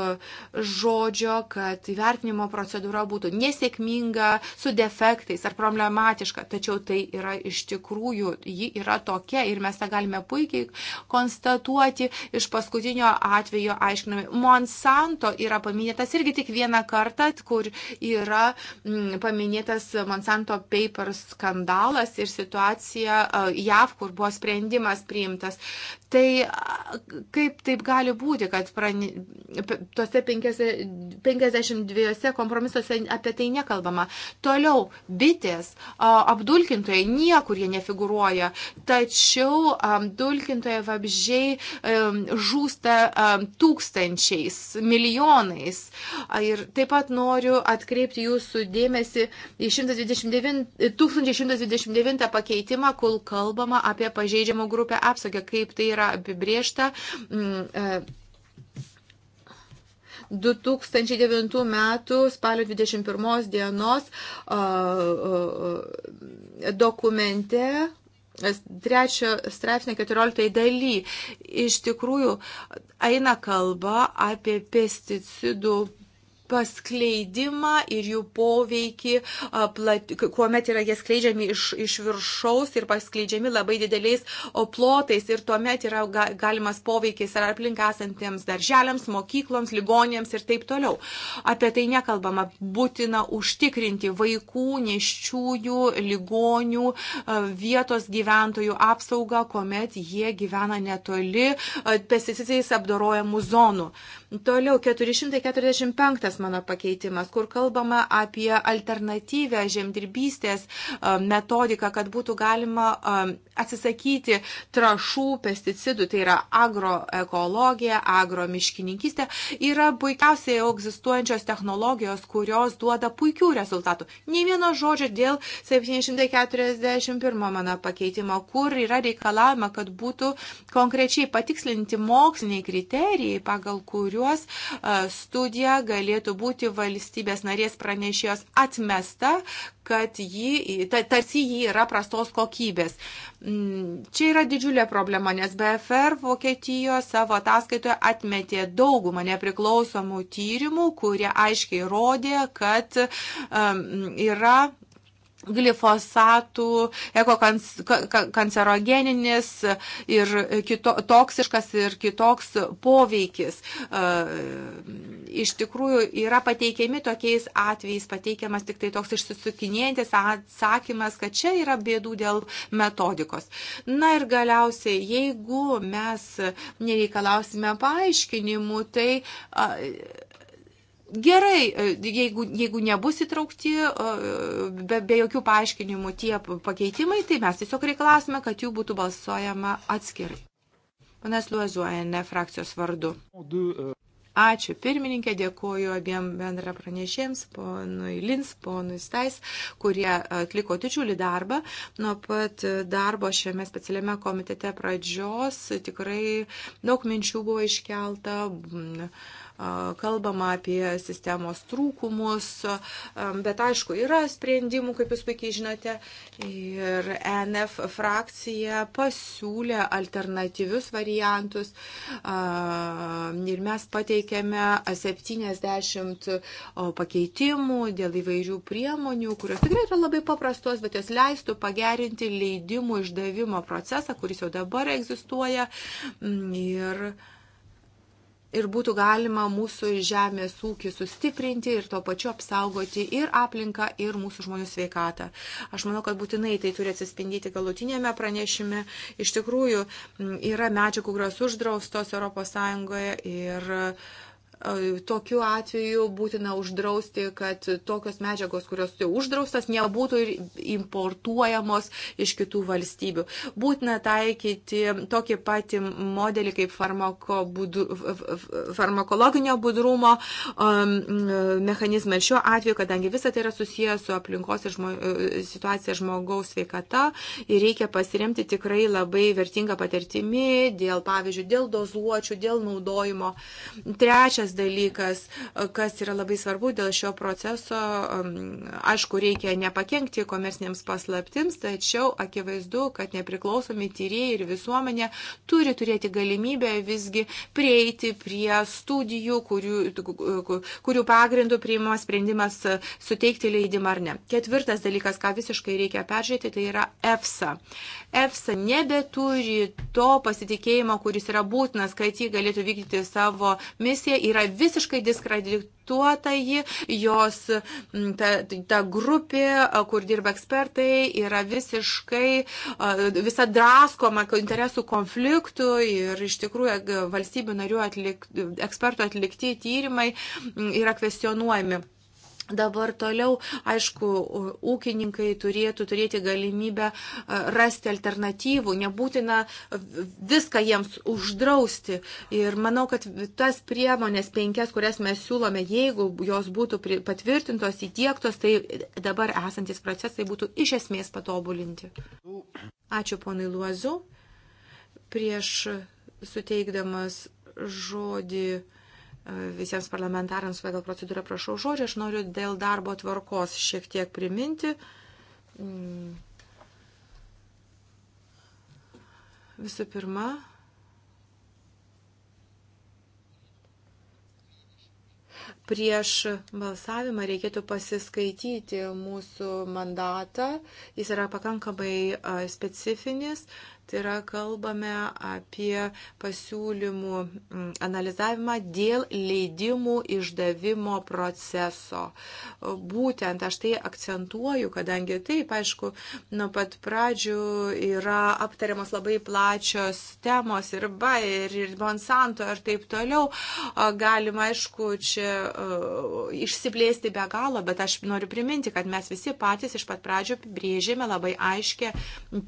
žodžio, kad įvertinimo procedūra būtų nesėkminga, su defektais ar problematiška. Tačiau tai yra iš tikrųjų, ji yra tokia ir mes tą galime puikiai konstatuoti. Iš paskutinio atvejo aiškinami, Monsanto yra paminėtas irgi tik vieną kartą, kur yra mm, paminėtas Monsanto Papers skandalas ir situacija e, JAV, kur buvo sprendimas priimtas. Tai kaip taip gali būti, kad prani, tose 52 kompromisuose apie tai nekalbama. Toliau, bitės, apdulkintojai, niekur jie nefiguruoja, tačiau apdulkintojai vabžiai žūsta tūkstančiais, milijonais. Ir taip pat noriu atkreipti jūsų dėmesį į 129, 1129 pakeitimą, kol kalbama apie pažeidžiamų grupę apsaugą, kaip tai yra apibriešta 2009 mm, e, metų spalio 21 dienos dokumente trečio straipsnio 14 daly iš tikrųjų eina kalba apie pesticidų paskleidimą ir jų poveikį, plat, kuomet yra jie skleidžiami iš, iš viršaus ir paskleidžiami labai dideliais plotais ir tuomet yra ga, galimas poveikis ar aplink esantiems darželiams, mokykloms, ligonėms ir taip toliau. Apie tai nekalbama. Būtina užtikrinti vaikų, neščiųjų, ligonių, vietos gyventojų apsaugą, kuomet jie gyvena netoli pesticidais apdorojamų zonų. Toliau 445 mano pakeitimas, kur kalbama apie alternatyvę žemdirbystės e, metodiką, kad būtų galima e, atsisakyti trašų, pesticidų, tai yra agroekologija, agromiškininkistė, yra puikiausiai egzistuojančios technologijos, kurios duoda puikių rezultatų. Ne vieno žodžio dėl 741 mano pakeitimo, kur yra reikalavima, kad būtų konkrečiai patikslinti moksliniai kriterijai, pagal kuriuos e, studija galėtų turėtų būti valstybės narės pranešėjos atmesta, kad ji, tarsi ji yra prastos kokybės. Mm, čia yra didžiulė problema, nes BFR Vokietijos savo ataskaitoje atmetė daugumą nepriklausomų tyrimų, kurie aiškiai rodė, kad um, yra glifosatų, ekokancerogeninis ir kito, toksiškas ir kitoks poveikis. E, iš tikrųjų yra pateikiami tokiais atvejais, pateikiamas tik tai toks išsisukinėjantis atsakymas, kad čia yra bėdų dėl metodikos. Na ir galiausiai, jeigu mes nereikalausime paaiškinimų, tai Gerai, e, jeigu, jeigu nebus įtraukti e, be, be jokių paaiškinimų tie pakeitimai, tai mes tiesiog reikalasime, kad jų būtų balsuojama atskirai. Panas Luozuoja, ne frakcijos vardu. Ačiū pirmininkė, dėkuoju abiem bendra pranešėjams, ponui Lins, ponui Stais, kurie atliko didžiulį darbą. Nuo pat darbo šiame specialiame komitete pradžios tikrai daug minčių buvo iškelta kalbama apie sistemos trūkumus, bet aišku, yra sprendimų, kaip jūs puikiai žinote, ir NF frakcija pasiūlė alternatyvius variantus ir mes pateikėme 70 pakeitimų dėl įvairių priemonių, kurios tikrai yra labai paprastos, bet jos leistų pagerinti leidimų išdavimo procesą, kuris jau dabar egzistuoja. Mm, ir ir būtų galima mūsų žemės ūkį sustiprinti ir tuo pačiu apsaugoti ir aplinką, ir mūsų žmonių sveikatą. Aš manau, kad būtinai tai turi atsispindėti galutinėme pranešime. Iš tikrųjų, yra medžiagų, kurios uždraustos ES ir Tokiu atveju būtina uždrausti, kad tokios medžiagos, kurios tai uždraustas, nebūtų importuojamos iš kitų valstybių. Būtina taikyti tokį patį modelį kaip farmako budu, farmakologinio budrumo um, mechanizmą. Ir šiuo atveju, kadangi visa tai yra susijęs su aplinkos ir žmo, situacija žmogaus sveikata, ir reikia pasiremti tikrai labai vertingą patirtimį dėl, pavyzdžiui, dėl dozuočių, dėl naudojimo. Trečias kitas dalykas, kas yra labai svarbu dėl šio proceso, aišku, reikia nepakengti komersinėms paslaptims, tačiau akivaizdu, kad nepriklausomi tyrėjai ir visuomenė turi turėti galimybę visgi prieiti prie studijų, kurių, kurių pagrindų priimamas sprendimas suteikti leidimą ar ne. Ketvirtas dalykas, ką visiškai reikia peržiūrėti, tai yra EFSA. EFSA nebeturi to pasitikėjimo, kuris yra būtinas, kad jį galėtų vykdyti savo misiją. Yra yra visiškai diskredituota ji, jos ta, ta grupė, kur dirba ekspertai, yra visiškai visa draskoma interesų konfliktų ir iš tikrųjų e, valstybių narių atlik, ekspertų atlikti tyrimai yra kvestionuojami. Dabar toliau, aišku, ūkininkai turėtų turėti galimybę rasti alternatyvų, nebūtina viską jiems uždrausti. Ir manau, kad tas priemonės penkias, kurias mes siūlome, jeigu jos būtų patvirtintos, įdėktos, tai dabar esantis procesai būtų iš esmės patobulinti. Ačiū ponui Luozu. Prieš suteikdamas žodį visiems parlamentarams pagal procedūrą prašau žodžio. Aš noriu dėl darbo tvarkos šiek tiek priminti. Mm. Visų pirma, prieš balsavimą reikėtų pasiskaityti mūsų mandatą. Jis yra pakankamai specifinis. Tai yra kalbame apie pasiūlymų mm, analizavimą dėl leidimų išdavimo proceso. Būtent aš tai akcentuoju, kadangi taip, aišku, nuo pat pradžių yra aptariamos labai plačios temos ir ba, ir, ir Monsanto ir taip toliau. Galima, aišku, čia išsiplėsti be galo, bet aš noriu priminti, kad mes visi patys iš pat pradžių brėžėme labai aiškę,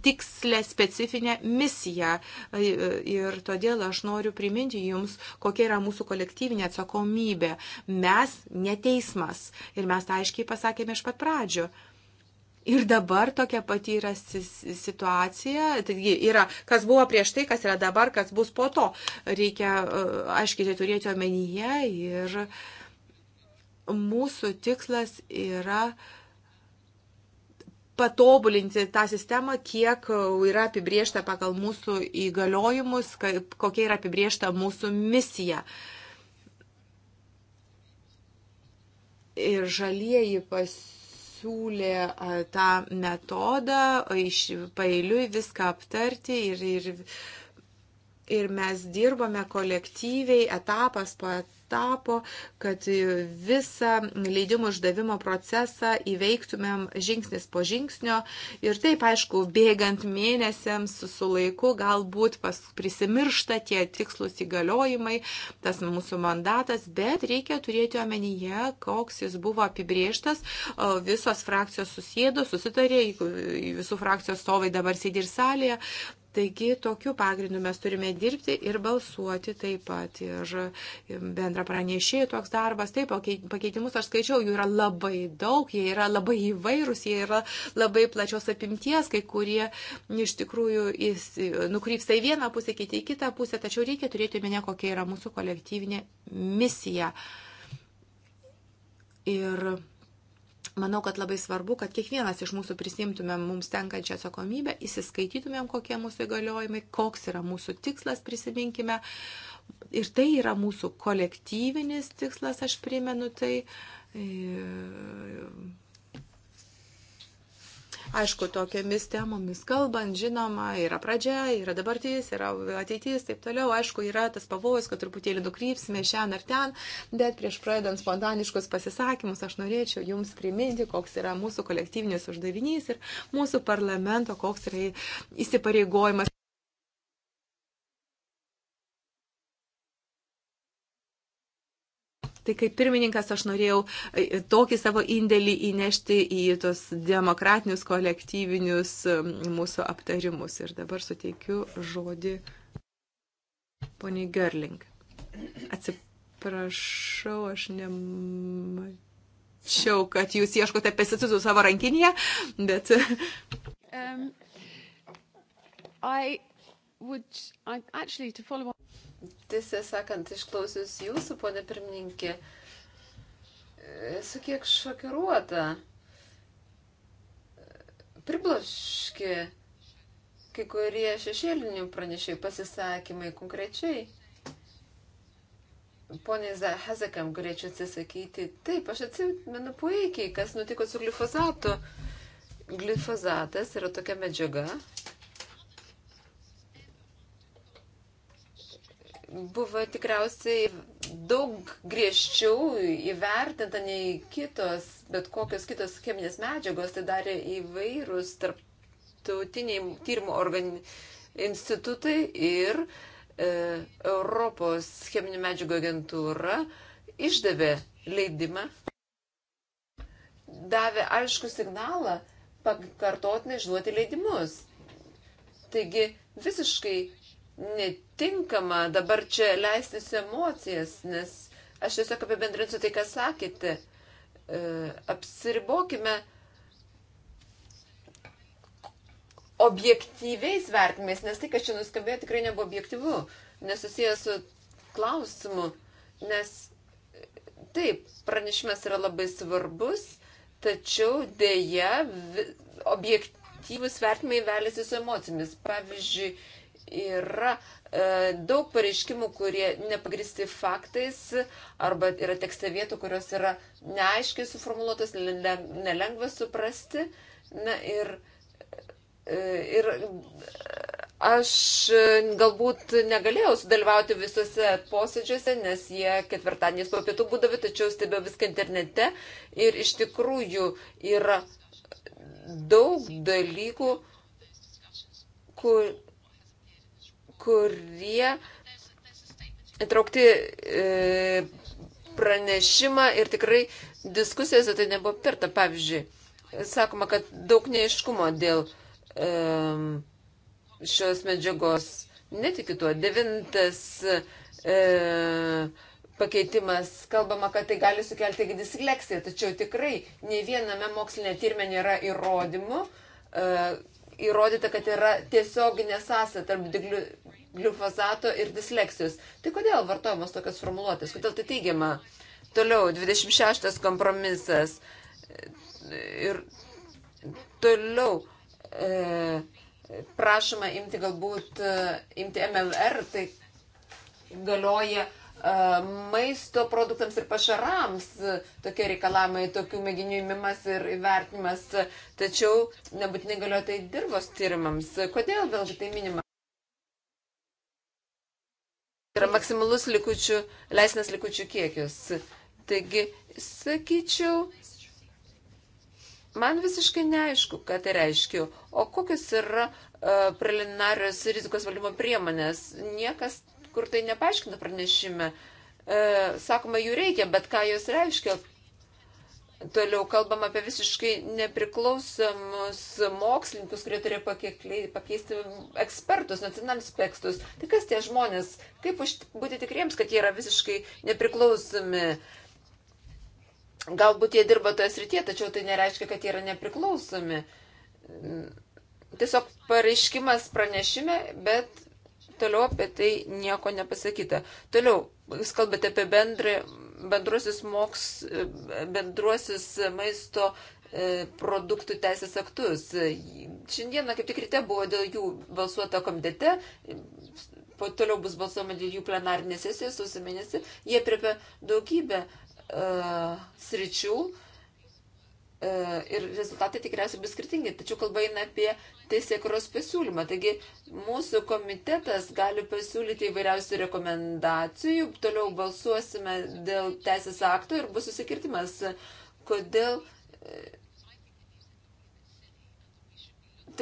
tikslę, specifinę kolektyvinę misiją. E, ir todėl aš noriu priminti jums, kokia yra mūsų kolektyvinė atsakomybė. Mes neteismas. Ir mes tą aiškiai pasakėme iš pat pradžio. Ir dabar tokia pati yra situacija, taigi yra, kas buvo prieš tai, kas yra dabar, kas bus po to. Reikia, e, aiškiai, tai turėti omenyje ir mūsų tikslas yra uh, patobulinti tą sistemą, kiek yra apibriešta pagal mūsų įgaliojimus, kaip, kokia yra apibriešta mūsų misija. Ir žalieji pasiūlė tą metodą, iš pailiui viską aptarti ir, ir Ir mes dirbome kolektyviai, etapas po etapo, kad visą leidimų išdavimo procesą įveiktumėm žingsnis po žingsnio. Ir taip, aišku, bėgant mėnesiams su laiku galbūt pas, prisimiršta tie tikslus įgaliojimai, tas mūsų mandatas, bet reikia turėti omenyje, koks jis buvo apibrieštas. Visos frakcijos susėdo, susitarė, visų frakcijos stovai dabar sėdi ir salėje. Taigi tokiu pagrindu mes turime dirbti ir balsuoti taip pat. Ir bendra pranešėjai toks darbas, taip, pakeitimus aš skaičiau, jų yra labai daug, jie yra labai įvairūs, jie yra labai plačios apimties, kai kurie iš tikrųjų jis, nukrypsta į vieną pusę, kiti į kitą pusę, tačiau reikia turėti minę, kokia yra mūsų kolektyvinė misija. Ir Manau, kad labai svarbu, kad kiekvienas iš mūsų prisimtumėm mums tenkančią atsakomybę, įsiskaitytumėm, kokie mūsų įgaliojimai, koks yra mūsų tikslas, prisiminkime. Ir tai yra mūsų kolektyvinis tikslas, aš primenu tai. E, Aišku, tokiamis temomis kalbant, žinoma, yra pradžia, yra dabartis, yra ateitis, taip toliau. Aišku, yra tas pavojus, kad truputėlį nukrypsime šiandien ar ten, bet prieš pradedant spontaniškus pasisakymus, aš norėčiau Jums priminti, koks yra mūsų kolektyvinis uždavinys ir mūsų parlamento, koks yra įsipareigojimas. Tai kaip pirmininkas aš norėjau e, tokį savo indėlį įnešti į tos demokratinius kolektyvinius mūsų aptarimus. Ir dabar suteikiu žodį poniai Görling. Atsiprašau, aš nemačiau, kad jūs ieškote pesticidų savo rankinėje, bet. Um, I Follow... Tiesą sakant, išklausius jūsų, ponė pirmininkė, esu kiek šokiruota. Pribloškė kai kurie šešėlinių pranešėjų pasisakymai konkrečiai. Pone Hazekam galėčiau atsisakyti. Taip, aš atsimenu puikiai, kas nutiko su glifozatu. Glifozatas yra tokia medžiaga, buvo tikriausiai daug griežčiau įvertinta nei kitos, bet kokios kitos cheminės medžiagos, tai darė įvairūs tarptautiniai tyrimo organi... institutai ir e, Europos cheminių medžiagų agentūra išdavė leidimą, davė aišku signalą pakartotinai išduoti leidimus. Taigi visiškai netinkama dabar čia leistis emocijas, nes aš tiesiog apibendrinsiu tai, ką sakėte. E, apsiribokime objektyviais vertimais, nes tai, kas čia nuskambėjo, tikrai nebuvo objektyvu, nesusijęs su klausimu, nes taip, pranešimas yra labai svarbus, tačiau dėja objektyvus vertimai velėsi su emocijomis. Pavyzdžiui, yra e, daug pareiškimų, kurie nepagristi faktais arba yra tekste vietų, kurios yra neaiškiai suformuoluotos, nelengva suprasti. Na ir, e, ir aš e, galbūt negalėjau sudalyvauti visuose posėdžiuose, nes jie ketvirtadieniais po pietų būdavo, tačiau stebėjau viską internete ir iš tikrųjų yra daug dalykų, kur kurie įtraukti e, pranešimą ir tikrai diskusijose tai nebuvo aptarta. Pavyzdžiui, sakoma, kad daug neiškumo dėl e, šios medžiagos. Netikiu tuo. Devintas e, pakeitimas. Kalbama, kad tai gali sukelti disleksiją, tačiau tikrai ne viename mokslinė tyrimė nėra įrodymų, e, įrodyta, kad yra tiesioginė sąsaja tarp gliufozato ir disleksijos. Tai kodėl vartojamos tokios formuluotės? Kodėl tai teigiama? Toliau, 26 kompromisas. Ir toliau. E, prašoma imti galbūt e, imti MLR, tai galioja maisto produktams ir pašarams e, tokie reikalavimai, tokių mėginių įmimas ir įvertinimas, tačiau nebūtinai galioja tai dirbos tyrimams. Kodėl vėlgi tai minima? Yra maksimalus likučių, leisinas likučių kiekis. Taigi, sakyčiau, man visiškai neaišku, ką tai reiškia. O kokios yra uh, preliminarios rizikos valdymo priemonės? Niekas kur tai nepaaiškina pranešime. E, sakoma, jų reikia, bet ką jos reiškia? Toliau kalbam apie visiškai nepriklausomus mokslininkus, kurie turėjo pakeisti ekspertus, nacionalinius ekspertus. Tai kas tie žmonės? Kaip būti tikriems, kad jie yra visiškai nepriklausomi? Galbūt jie dirba toje srityje, tačiau tai nereiškia, kad jie yra nepriklausomi tiesiog pareiškimas pranešime, bet toliau apie tai nieko nepasakyta. Toliau, jūs kalbate apie bendrą, bendruosius, moks, bendruosius maisto e, produktų teisės aktus. Šiandieną kaip tik ryte buvo dėl jų balsuota komitete, po toliau bus balsuoma dėl jų plenarinės sesijos sausio mėnesį. Jie priepia daugybę uh, sričių, E, ir rezultatai tikriausiai bus skirtingi, tačiau kalba eina apie teisėkuros pasiūlymą. Taigi mūsų komitetas gali pasiūlyti įvairiausių rekomendacijų, toliau balsuosime dėl teisės akto ir bus susikirtimas, kodėl. E,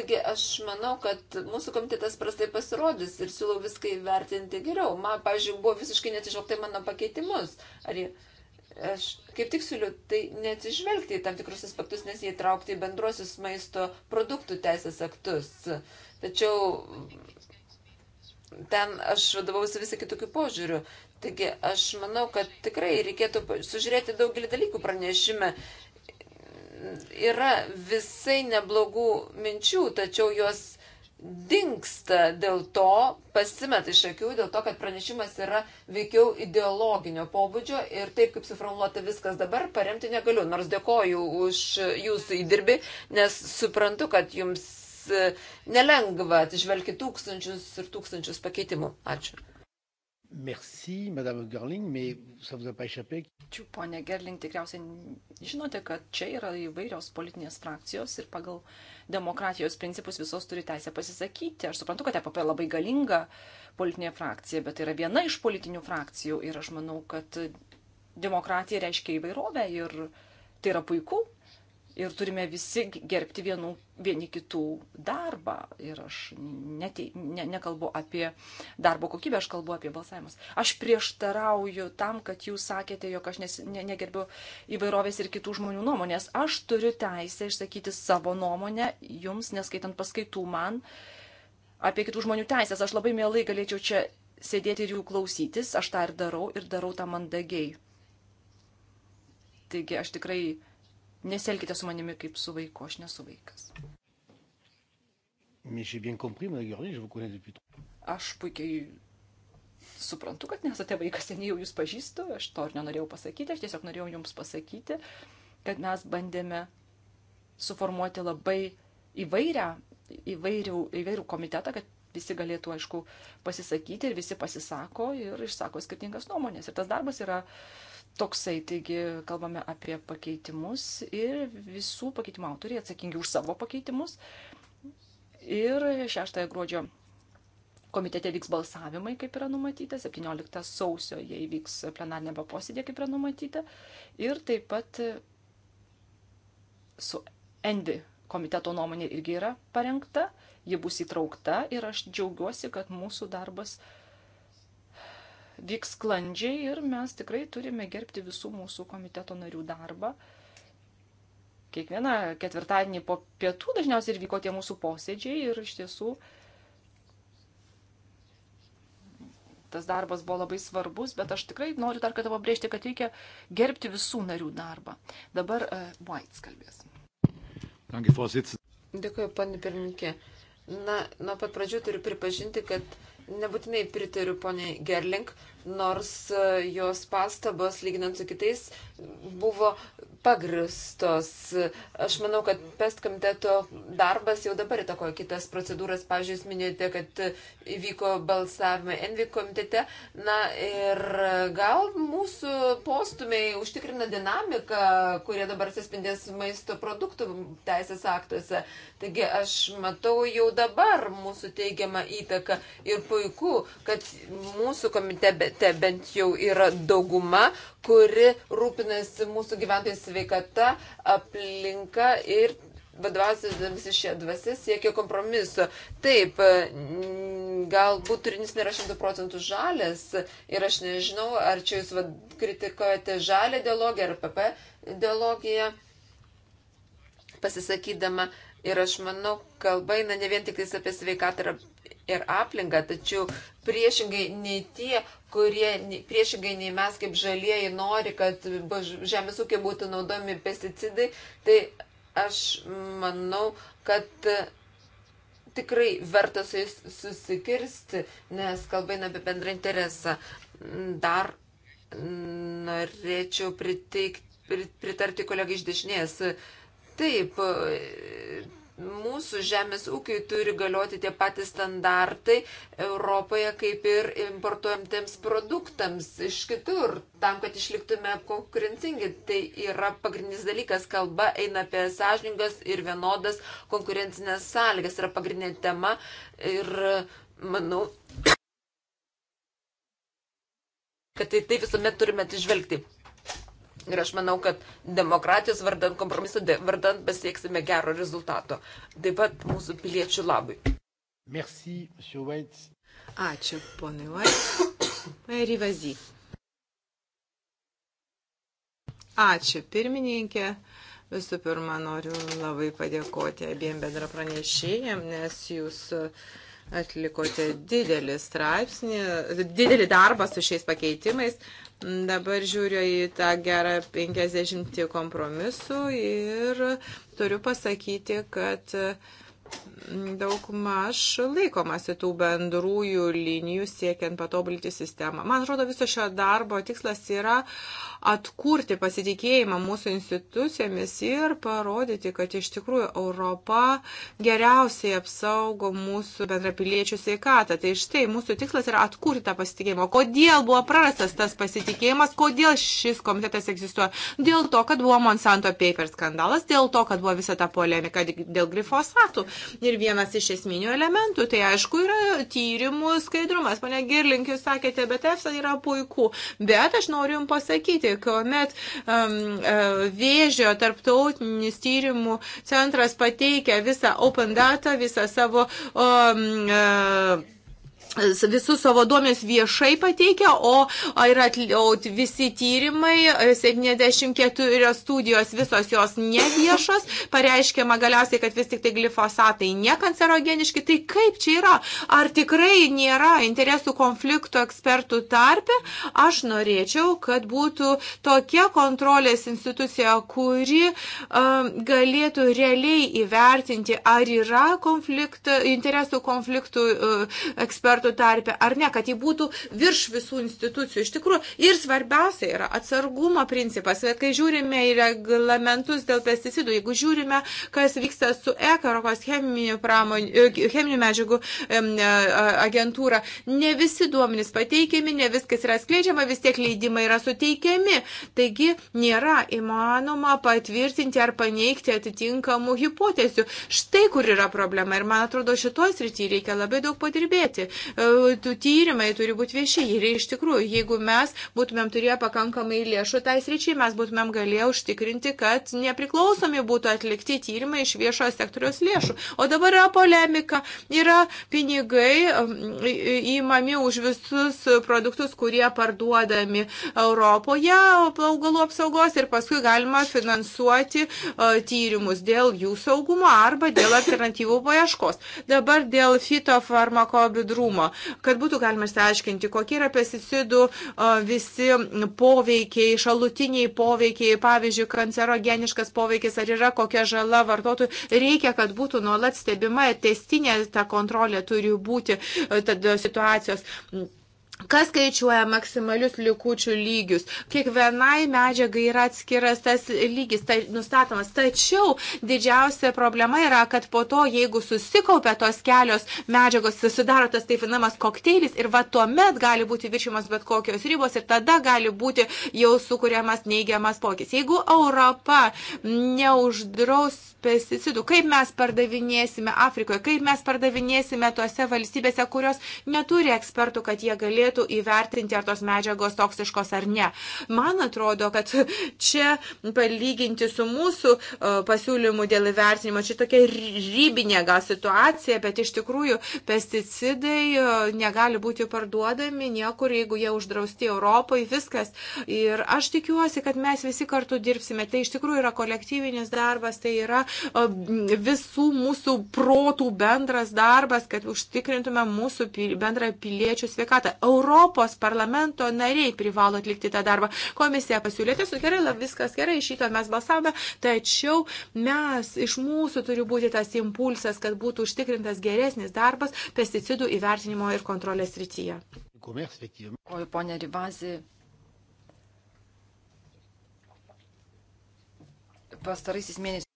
taigi aš manau, kad mūsų komitetas prastai pasirodys ir siūlau viską įvertinti geriau. Man, pavyzdžiui, buvo visiškai netižvelgta į mano pakeitimus. Ar jie... Jį Aš kaip tik siūliu tai neatsižvelgti į tam tikrus aspektus, nes jie įtraukti į bendruosius maisto produktų teisės aktus. Tačiau ten aš vadovausi visai kitokiu požiūriu. Taigi aš manau, kad tikrai reikėtų sužiūrėti daugelį dalykų pranešime. Yra visai neblogų minčių, tačiau jos dinksta dėl to, pasimeta iš akių, dėl to, kad pranešimas yra veikiau ideologinio pobūdžio ir taip kaip suformuoluota viskas dabar, paremti negaliu. Nors dėkoju už jūsų įdirbį, nes suprantu, kad jums nelengva atsižvelgti tūkstančius ir tūkstančius pakeitimų. Ačiū. Merci, Madame Gerling, mais ça vous a pas échappé. Ačiū, ponė Gerling, tikriausiai žinote, kad čia yra įvairios politinės frakcijos ir pagal demokratijos principus visos turi teisę pasisakyti. Aš suprantu, kad EPP labai galinga politinė frakcija, bet tai yra viena iš politinių frakcijų ir aš manau, kad demokratija reiškia įvairovę ir tai yra puiku, ir turime visi gerbti vienų, vieni kitų darbą. Ir aš netei, ne, nekalbu apie darbo kokybę, aš kalbu apie balsavimus. Aš prieštarauju tam, kad jūs sakėte, jog aš nes, ne, negerbiu įvairovės ir kitų žmonių nuomonės. Aš turiu teisę išsakyti savo nuomonę jums, neskaitant paskaitų man apie kitų žmonių teisės. Aš labai mielai galėčiau čia sėdėti ir jų klausytis. Aš tą ir darau ir darau tą mandagiai. Taigi aš tikrai Neselkite su manimi kaip su vaiku, aš nesu vaikas. Aš puikiai suprantu, kad nesate vaikas, seniai jau jūs pažįstu, aš to ir nenorėjau pasakyti, aš tiesiog norėjau jums pasakyti, kad mes bandėme suformuoti labai įvairią, įvairių, įvairių komitetą, kad visi galėtų, aišku, pasisakyti ir visi pasisako ir išsako skirtingas nuomonės. Ir tas darbas yra uh, toksai, taigi kalbame apie pakeitimus ir visų pakeitimų autoriai atsakingi už savo pakeitimus. Ir 6 gruodžio komitete vyks balsavimai, kaip yra numatyta, 17 sausio jie įvyks plenarnėme posėdė, kaip yra numatyta. Ir taip pat su Envi komiteto nuomonė irgi yra parengta, ji bus įtraukta ir aš džiaugiuosi, kad mūsų darbas uh, vyks sklandžiai ir mes tikrai turime gerbti visų mūsų komiteto narių darbą. Kiekvieną ketvirtadienį po pietų dažniausiai ir vyko tie mūsų posėdžiai ir iš tiesų tas darbas buvo labai svarbus, bet aš tikrai noriu dar kartą pabrėžti, kad reikia gerbti visų narių darbą. Dabar uh, e, White kalbės. Dėkuoju, panė pirmininkė. Na, nuo pat pradžių turiu pripažinti, kad uh, Nebūtinai pritariu poniai Gerling, nors e, jos pastabos, lyginant su kitais, buvo pagristos. Aš manau, kad PEST komiteto darbas jau dabar įtakoja kitas procedūras. Pavyzdžiui, jūs minėjote, kad įvyko balsavimai Envi komitete. Na ir gal mūsų postumiai užtikrina dinamiką, kurie dabar atsispindės maisto produktų teisės aktuose. Taigi aš matau jau dabar mūsų teigiamą įtaką ir puiku, kad mūsų komitete bent jau yra dauguma, kuri rūpinasi mūsų gyventojų sveikata, aplinka ir vadovausiasi šią dvasę siekia kompromiso. Taip, galbūt turinys nėra 100 procentų žalės ir aš nežinau, ar čia jūs kritikuojate žalę dialogiją ar PP dialogiją pasisakydama. Uh, Ir aš manau, kalba eina ne vien tik apie sveikatą ir aplinką, tačiau priešingai nei tie, kurie priešingai nei mes kaip žalieji nori, kad žemės ūkiai būtų naudojami pesticidai, tai aš manau, kad tikrai verta su jais susikirsti, nes kalba eina apie bendrą interesą. Dar norėčiau priteikti pritarti kolegai iš dešinės. Taip, mūsų žemės ūkiai turi galioti tie patys standartai Europoje kaip ir importuojantiems produktams iš kitur, tam, kad išliktume konkurencingi. Tai yra pagrindinis dalykas, kalba eina apie sąžiningas ir vienodas konkurencinės sąlygas, yra pagrindinė tema ir manau, kad tai, tai visuomet turime atsižvelgti. Ir aš manau, kad demokratijos vardant kompromiso, vardant pasieksime gero rezultato. Taip pat mūsų piliečių labui. Merci, Ačiū, ponai Vaits. Ir įvazy. Ačiū, pirmininkė. Visų pirma, noriu labai padėkoti abiem bendra pranešėjim, nes jūs uh, atlikote didelį straipsnį, didelį darbą su šiais pakeitimais. Dabar žiūriu į tą gerą 50 kompromisų ir turiu pasakyti, kad daug maž laikomasi tų bendrųjų linijų siekiant patobulinti sistemą. Man atrodo, viso šio darbo tikslas yra atkurti pasitikėjimą mūsų institucijomis ir parodyti, kad iš tikrųjų Europa geriausiai apsaugo mūsų bendrapiliečių sveikatą. Tai štai mūsų tikslas yra atkurti tą pasitikėjimą. Kodėl buvo prarastas tas pasitikėjimas, kodėl šis komitetas egzistuoja? Dėl to, kad buvo Monsanto Paper skandalas, dėl to, kad buvo visa ta polemika dėl glifosatų. Ir vienas iš esminių elementų, tai aišku, yra tyrimų skaidrumas. Pane Girlink, jūs sakėte, bet EFSA yra puiku. Bet aš noriu Jums pasakyti, daryti, kuomet um, e, vėžio tarptautinis tyrimų centras pateikia visą open data, visą savo um, uh, visus savo duomenis viešai pateikia, o, yra, o visi tyrimai, 74 e, studijos, visos jos neviešos, pareiškiama galiausiai, kad vis tik tai glifosatai nekancerogeniški. Tai kaip čia yra? Ar tikrai nėra interesų konflikto ekspertų tarpe? Aš norėčiau, kad būtų tokia kontrolės institucija, kuri um, galėtų realiai įvertinti, ar yra konflikt, interesų konfliktų uh, ekspertų ekspertų tarpe, ar ne, kad ji būtų virš visų institucijų. Iš tikrųjų, ir svarbiausia yra atsargumo principas, bet kai žiūrime į reglamentus dėl pesticidų, jeigu žiūrime, kas vyksta su EK, Europos cheminių, pramon, e, cheminių medžiagų e, agentūra, ne visi duomenys pateikiami, ne viskas yra skleidžiama, vis tiek leidimai yra suteikiami. Taigi nėra įmanoma patvirtinti ar paneigti atitinkamų hipotezių. Štai kur yra problema ir man atrodo šitoj srityje reikia labai daug padirbėti. E, tų tyrimai turi būti vieši. Ir iš tikrųjų, jeigu mes būtumėm turėję pakankamai lėšų tais ryčiai, mes būtumėm galėję užtikrinti, kad nepriklausomi būtų atlikti tyrimai iš viešojo sektoriaus lėšų. O dabar yra polemika, yra pinigai įmami už visus produktus, kurie parduodami Europoje augalų apsaugos ir paskui galima finansuoti e, tyrimus dėl jų saugumo arba dėl alternatyvų paieškos. Dabar dėl fitofarmako bidrumo tyrimo, kad būtų galima išsiaiškinti, kokie yra pesticidų visi poveikiai, šalutiniai poveikiai, pavyzdžiui, kancerogeniškas poveikis, ar yra kokia žala vartotojui. Reikia, kad būtų nuolat stebima, testinė ta kontrolė turi būti tada situacijos. Kas skaičiuoja maksimalius likučių lygius? Kiekvienai medžiagai yra atskiras tas lygis ta, nustatomas. Tačiau didžiausia problema yra, kad po to, jeigu susikaupia tos kelios medžiagos, susidaro tas taip vadinamas kokteilis ir va tuomet gali būti viršimas bet kokios ribos ir tada gali būti jau sukūriamas neigiamas pokis. Jeigu Europa neuždraus pesticidų, kaip mes pardavinėsime Afrikoje, kaip mes pardavinėsime tose valstybėse, kurios neturi ekspertų, kad jie galėtų galėtų įvertinti, ar tos medžiagos toksiškos ar ne. Man atrodo, kad čia palyginti su mūsų e, pasiūlymu dėl įvertinimo, čia tokia rybinė gal situacija, bet iš tikrųjų pesticidai e, negali būti parduodami niekur, jeigu jie uždrausti Europoje, viskas. Ir aš tikiuosi, kad mes visi kartu dirbsime. Tai iš tikrųjų yra kolektyvinis darbas, tai yra e, visų mūsų protų bendras darbas, kad užtikrintume mūsų bendrą piliečių sveikatą. Euro Europos parlamento nariai privalo atlikti tą darbą. Komisija pasiūlė, tiesiog gerai, viskas gerai, iš šito mes balsavome, tačiau mes, iš mūsų turi būti tas impulsas, kad būtų užtikrintas geresnis darbas pesticidų įvertinimo ir kontrolės rytyje. O ponė Ribazi, pastaraisiais mėnesiais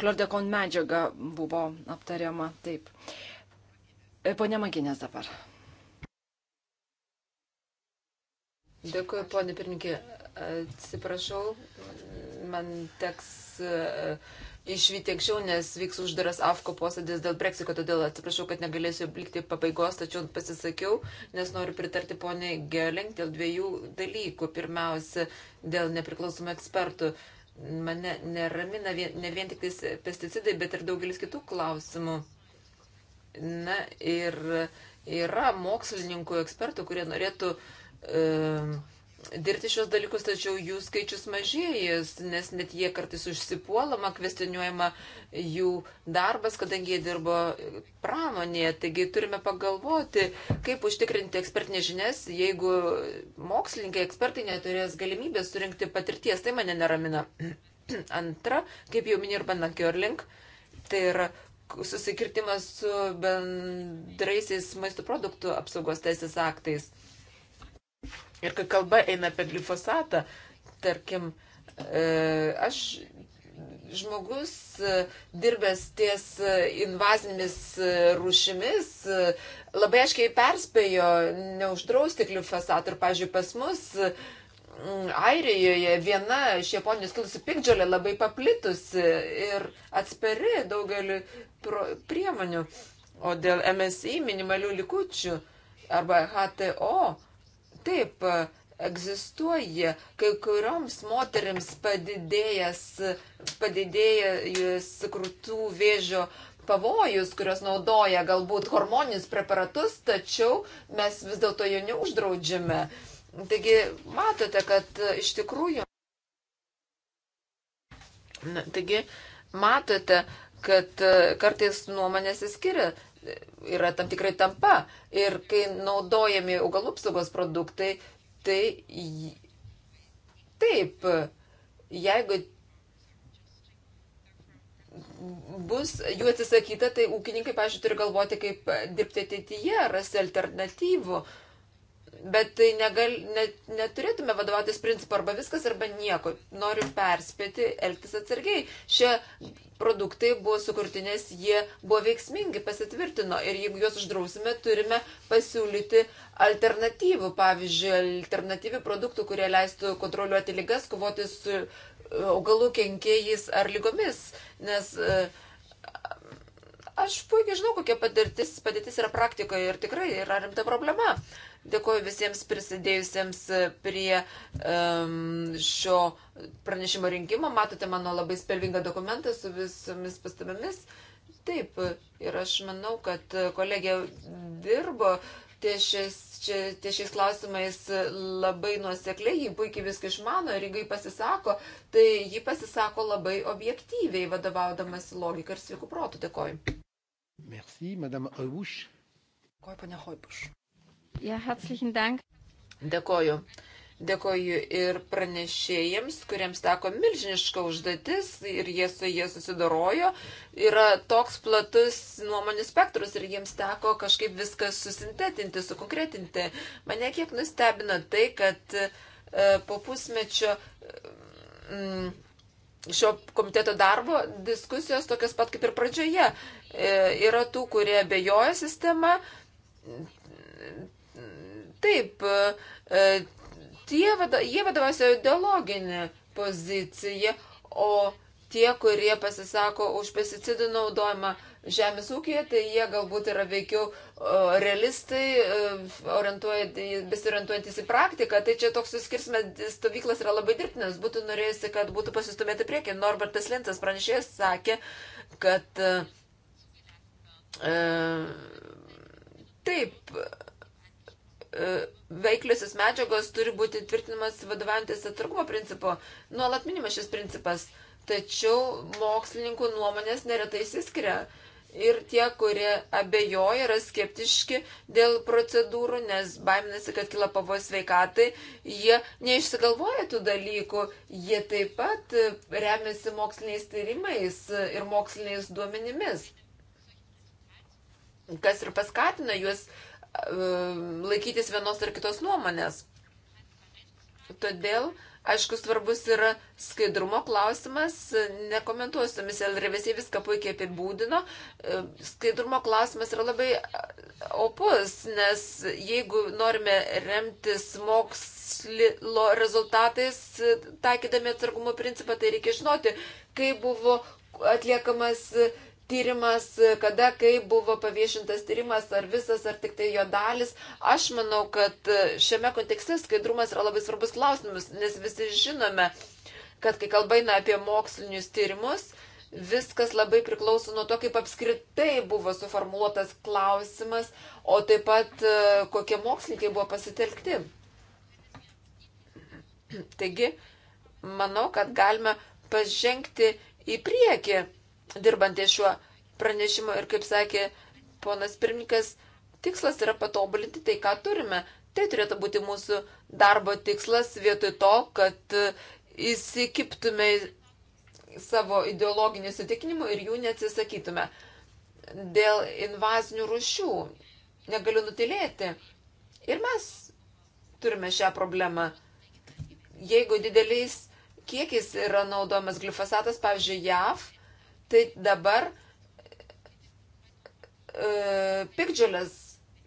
Klordekon medžiaga buvo aptariama, taip. E, Pone Maginės dabar. Dėkuoju, ponė pirmininkė. Atsiprašau, man teks e, išvykti anksčiau, nes vyks uždaras AFKO posėdis dėl Brexito, todėl atsiprašau, kad negalėsiu likti pabaigos, tačiau pasisakiau, nes noriu pritarti poniai Gelink dėl dviejų dalykų. Pirmiausia, dėl nepriklausomų ekspertų. Mane neramina vien, ne vien tik pesticidai, bet ir daugelis kitų klausimų. Na ir yra mokslininkų, ekspertų, kurie norėtų uh, dirbti šios dalykus, tačiau jų skaičius mažėjęs, nes net jie kartais užsipuolama, kvestionuojama jų darbas, kadangi jie dirbo pramonėje. Taigi turime pagalvoti, kaip užtikrinti ekspertinės žinias, jeigu mokslininkai, ekspertai neturės galimybės surinkti patirties. Tai mane neramina. Antra, kaip jau minėjo ir Banna Kjörling, tai yra susikirtimas su bendraisiais maisto produktų apsaugos teisės aktais. Ir kai kalba eina apie glifosatą, tarkim, e, aš žmogus e, dirbęs ties e, invazinėmis rūšimis labai aiškiai perspėjo neuždrausti glifosatų ir, pažiūrėjau, pas mus Airijoje viena iš Japonijos kilusi pikdžiolė labai paplitusi ir atspari daugeliu priemonių. O dėl MSI minimalių likučių arba HTO Taip, egzistuoja kai kurioms moteriams padidėjęs, padidėjęs krūtų vėžio pavojus, kurios naudoja galbūt hormoninius preparatus, tačiau mes vis dėlto jo neuždraudžiame. Taigi matote, kad iš tikrųjų. Na, taigi matote, kad e, kartais nuomonės įskiria yra tam tikrai tampa. Ir kai naudojami augalų apsaugos produktai, tai taip, jeigu bus jų atsisakyta, tai ūkininkai, pažiūrėjau, turi galvoti, kaip dirbti ateityje, rasti alternatyvų. Uh, Bet tai negal, ne, neturėtume vadovautis principu arba viskas arba nieko. Noriu perspėti, elgtis atsargiai. Šie produktai buvo sukurti, nes jie buvo veiksmingi, pasitvirtino. Ir jeigu juos uždrausime, turime pasiūlyti alternatyvų. Pavyzdžiui, alternatyvių produktų, kurie leistų kontroliuoti lygas, kovoti su e, augalų kenkėjais ar lygomis. Nes, uh, aš puikiai žinau, kokia patirtis, padėtis yra praktikoje ir tikrai yra rimta problema. Dėkuoju visiems prisidėjusiems prie um, šio pranešimo rinkimo. Matote mano labai spalvingą dokumentą su visomis pastabomis. Taip, ir aš manau, kad kolegė dirbo ties šiais klausimais labai nuosekliai, ji puikiai viską išmano ir jeigu ji pasisako, tai ji pasisako labai objektyviai, vadovaudamas logiką ir sveiku protu. Dėkoju. Merci, madame Hoibuš. Dėkoju, ponia Hoibuš. Ja, herzlichen Dank. Dėkoju. Dėkoju ir pranešėjams, kuriems teko milžiniška užduotis ir jie su jie susidorojo. Yra toks platus nuomonių spektrus ir jiems teko kažkaip viską susintetinti, sukonkretinti. Mane kiek nustebino tai, kad e, po pusmečio. Mm, šio komiteto darbo diskusijos tokios pat kaip ir pradžioje. E, yra tų, kurie bejoja sistema, Taip, e, tie, jie vadovasi ideologinė pozicija, o tie, kurie pasisako už pesticidų naudojimą žemės ūkėje, tai jie galbūt yra veikiau realistai, e, besiorientuojantis į praktiką. Tai čia toks suskirsimas stovyklas yra labai dirbtinas. Būtų norėjusi, kad būtų pasistumėti priekį. Norbertas Lincas pranešėjas sakė, kad e, taip E, veikliosios medžiagos turi būti tvirtinamas vadovantis atsargumo principu. Nuolat minimas šis principas, tačiau mokslininkų nuomonės neretai įsiskiria. Ir tie, kurie abejoja, yra skeptiški dėl procedūrų, nes baiminasi, kad kila pavojus sveikatai, jie neišsigalvoja tų dalykų, jie taip pat remiasi moksliniais tyrimais ir moksliniais duomenimis, kas ir paskatina juos uh, E, laikytis vienos ar kitos nuomonės. Todėl, aišku, svarbus yra skaidrumo klausimas, nekomentuosiu, misel Revesė viską puikiai apibūdino. E, skaidrumo klausimas yra labai opus, nes jeigu norime remtis mokslo rezultatais, taikydami atsargumo principą, tai reikia žinoti, kaip buvo atliekamas tyrimas, kada, kaip buvo paviešintas tyrimas, ar visas, ar tik tai jo dalis. Aš manau, kad šiame kontekste skaidrumas yra labai svarbus klausimas, nes visi žinome, kad kai kalba eina apie mokslinius tyrimus, viskas labai priklauso nuo to, kaip apskritai buvo suformuoluotas klausimas, o taip pat e, kokie mokslininkai buvo pasitelkti. Taigi, manau, kad galime pažengti į priekį dirbant ties šiuo pranešimu ir, kaip sakė ponas pirmininkas, tikslas yra patobulinti tai, ką turime. Tai turėtų būti mūsų darbo tikslas vietoj to, kad įsikiptume savo ideologinių sutikinimų ir jų neatsisakytume. Dėl invazinių rušių negaliu nutilėti. Ir mes turime šią problemą. Jeigu dideliais kiekiais yra naudojamas glifosatas, pavyzdžiui, JAV, Tai dabar e, pikdžiulės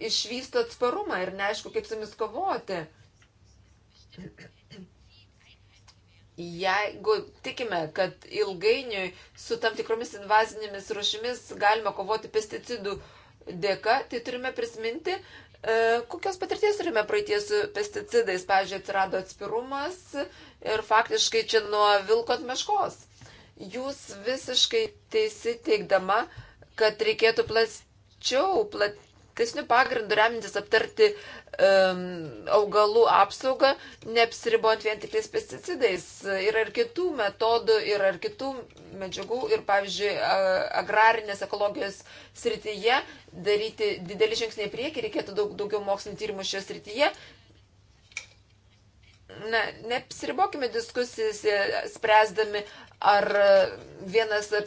išvysto atsparumą ir neaišku, kaip su jomis kovoti. Jeigu tikime, kad ilgainiui su tam tikromis invazinėmis rušimis galima kovoti pesticidų dėka, tai turime prisiminti, e, kokios patirties turime praeities su pesticidais. Pavyzdžiui, atsirado atspirumas ir faktiškai čia nuo vilko atmeškos. Jūs visiškai teisi teikdama, kad reikėtų plačiau, platesnių pagrindų remintis aptarti um, augalų apsaugą, neapsiribojant vien tik tais pesticidais. Yra ir kitų metodų, yra ir kitų medžiagų ir, pavyzdžiui, agrarinės ekologijos srityje daryti didelį žingsnį į priekį, reikėtų daug, daugiau mokslinio tyrimų šioje srityje, na, neapsiribokime diskusijas, spręsdami ar e, vienas e,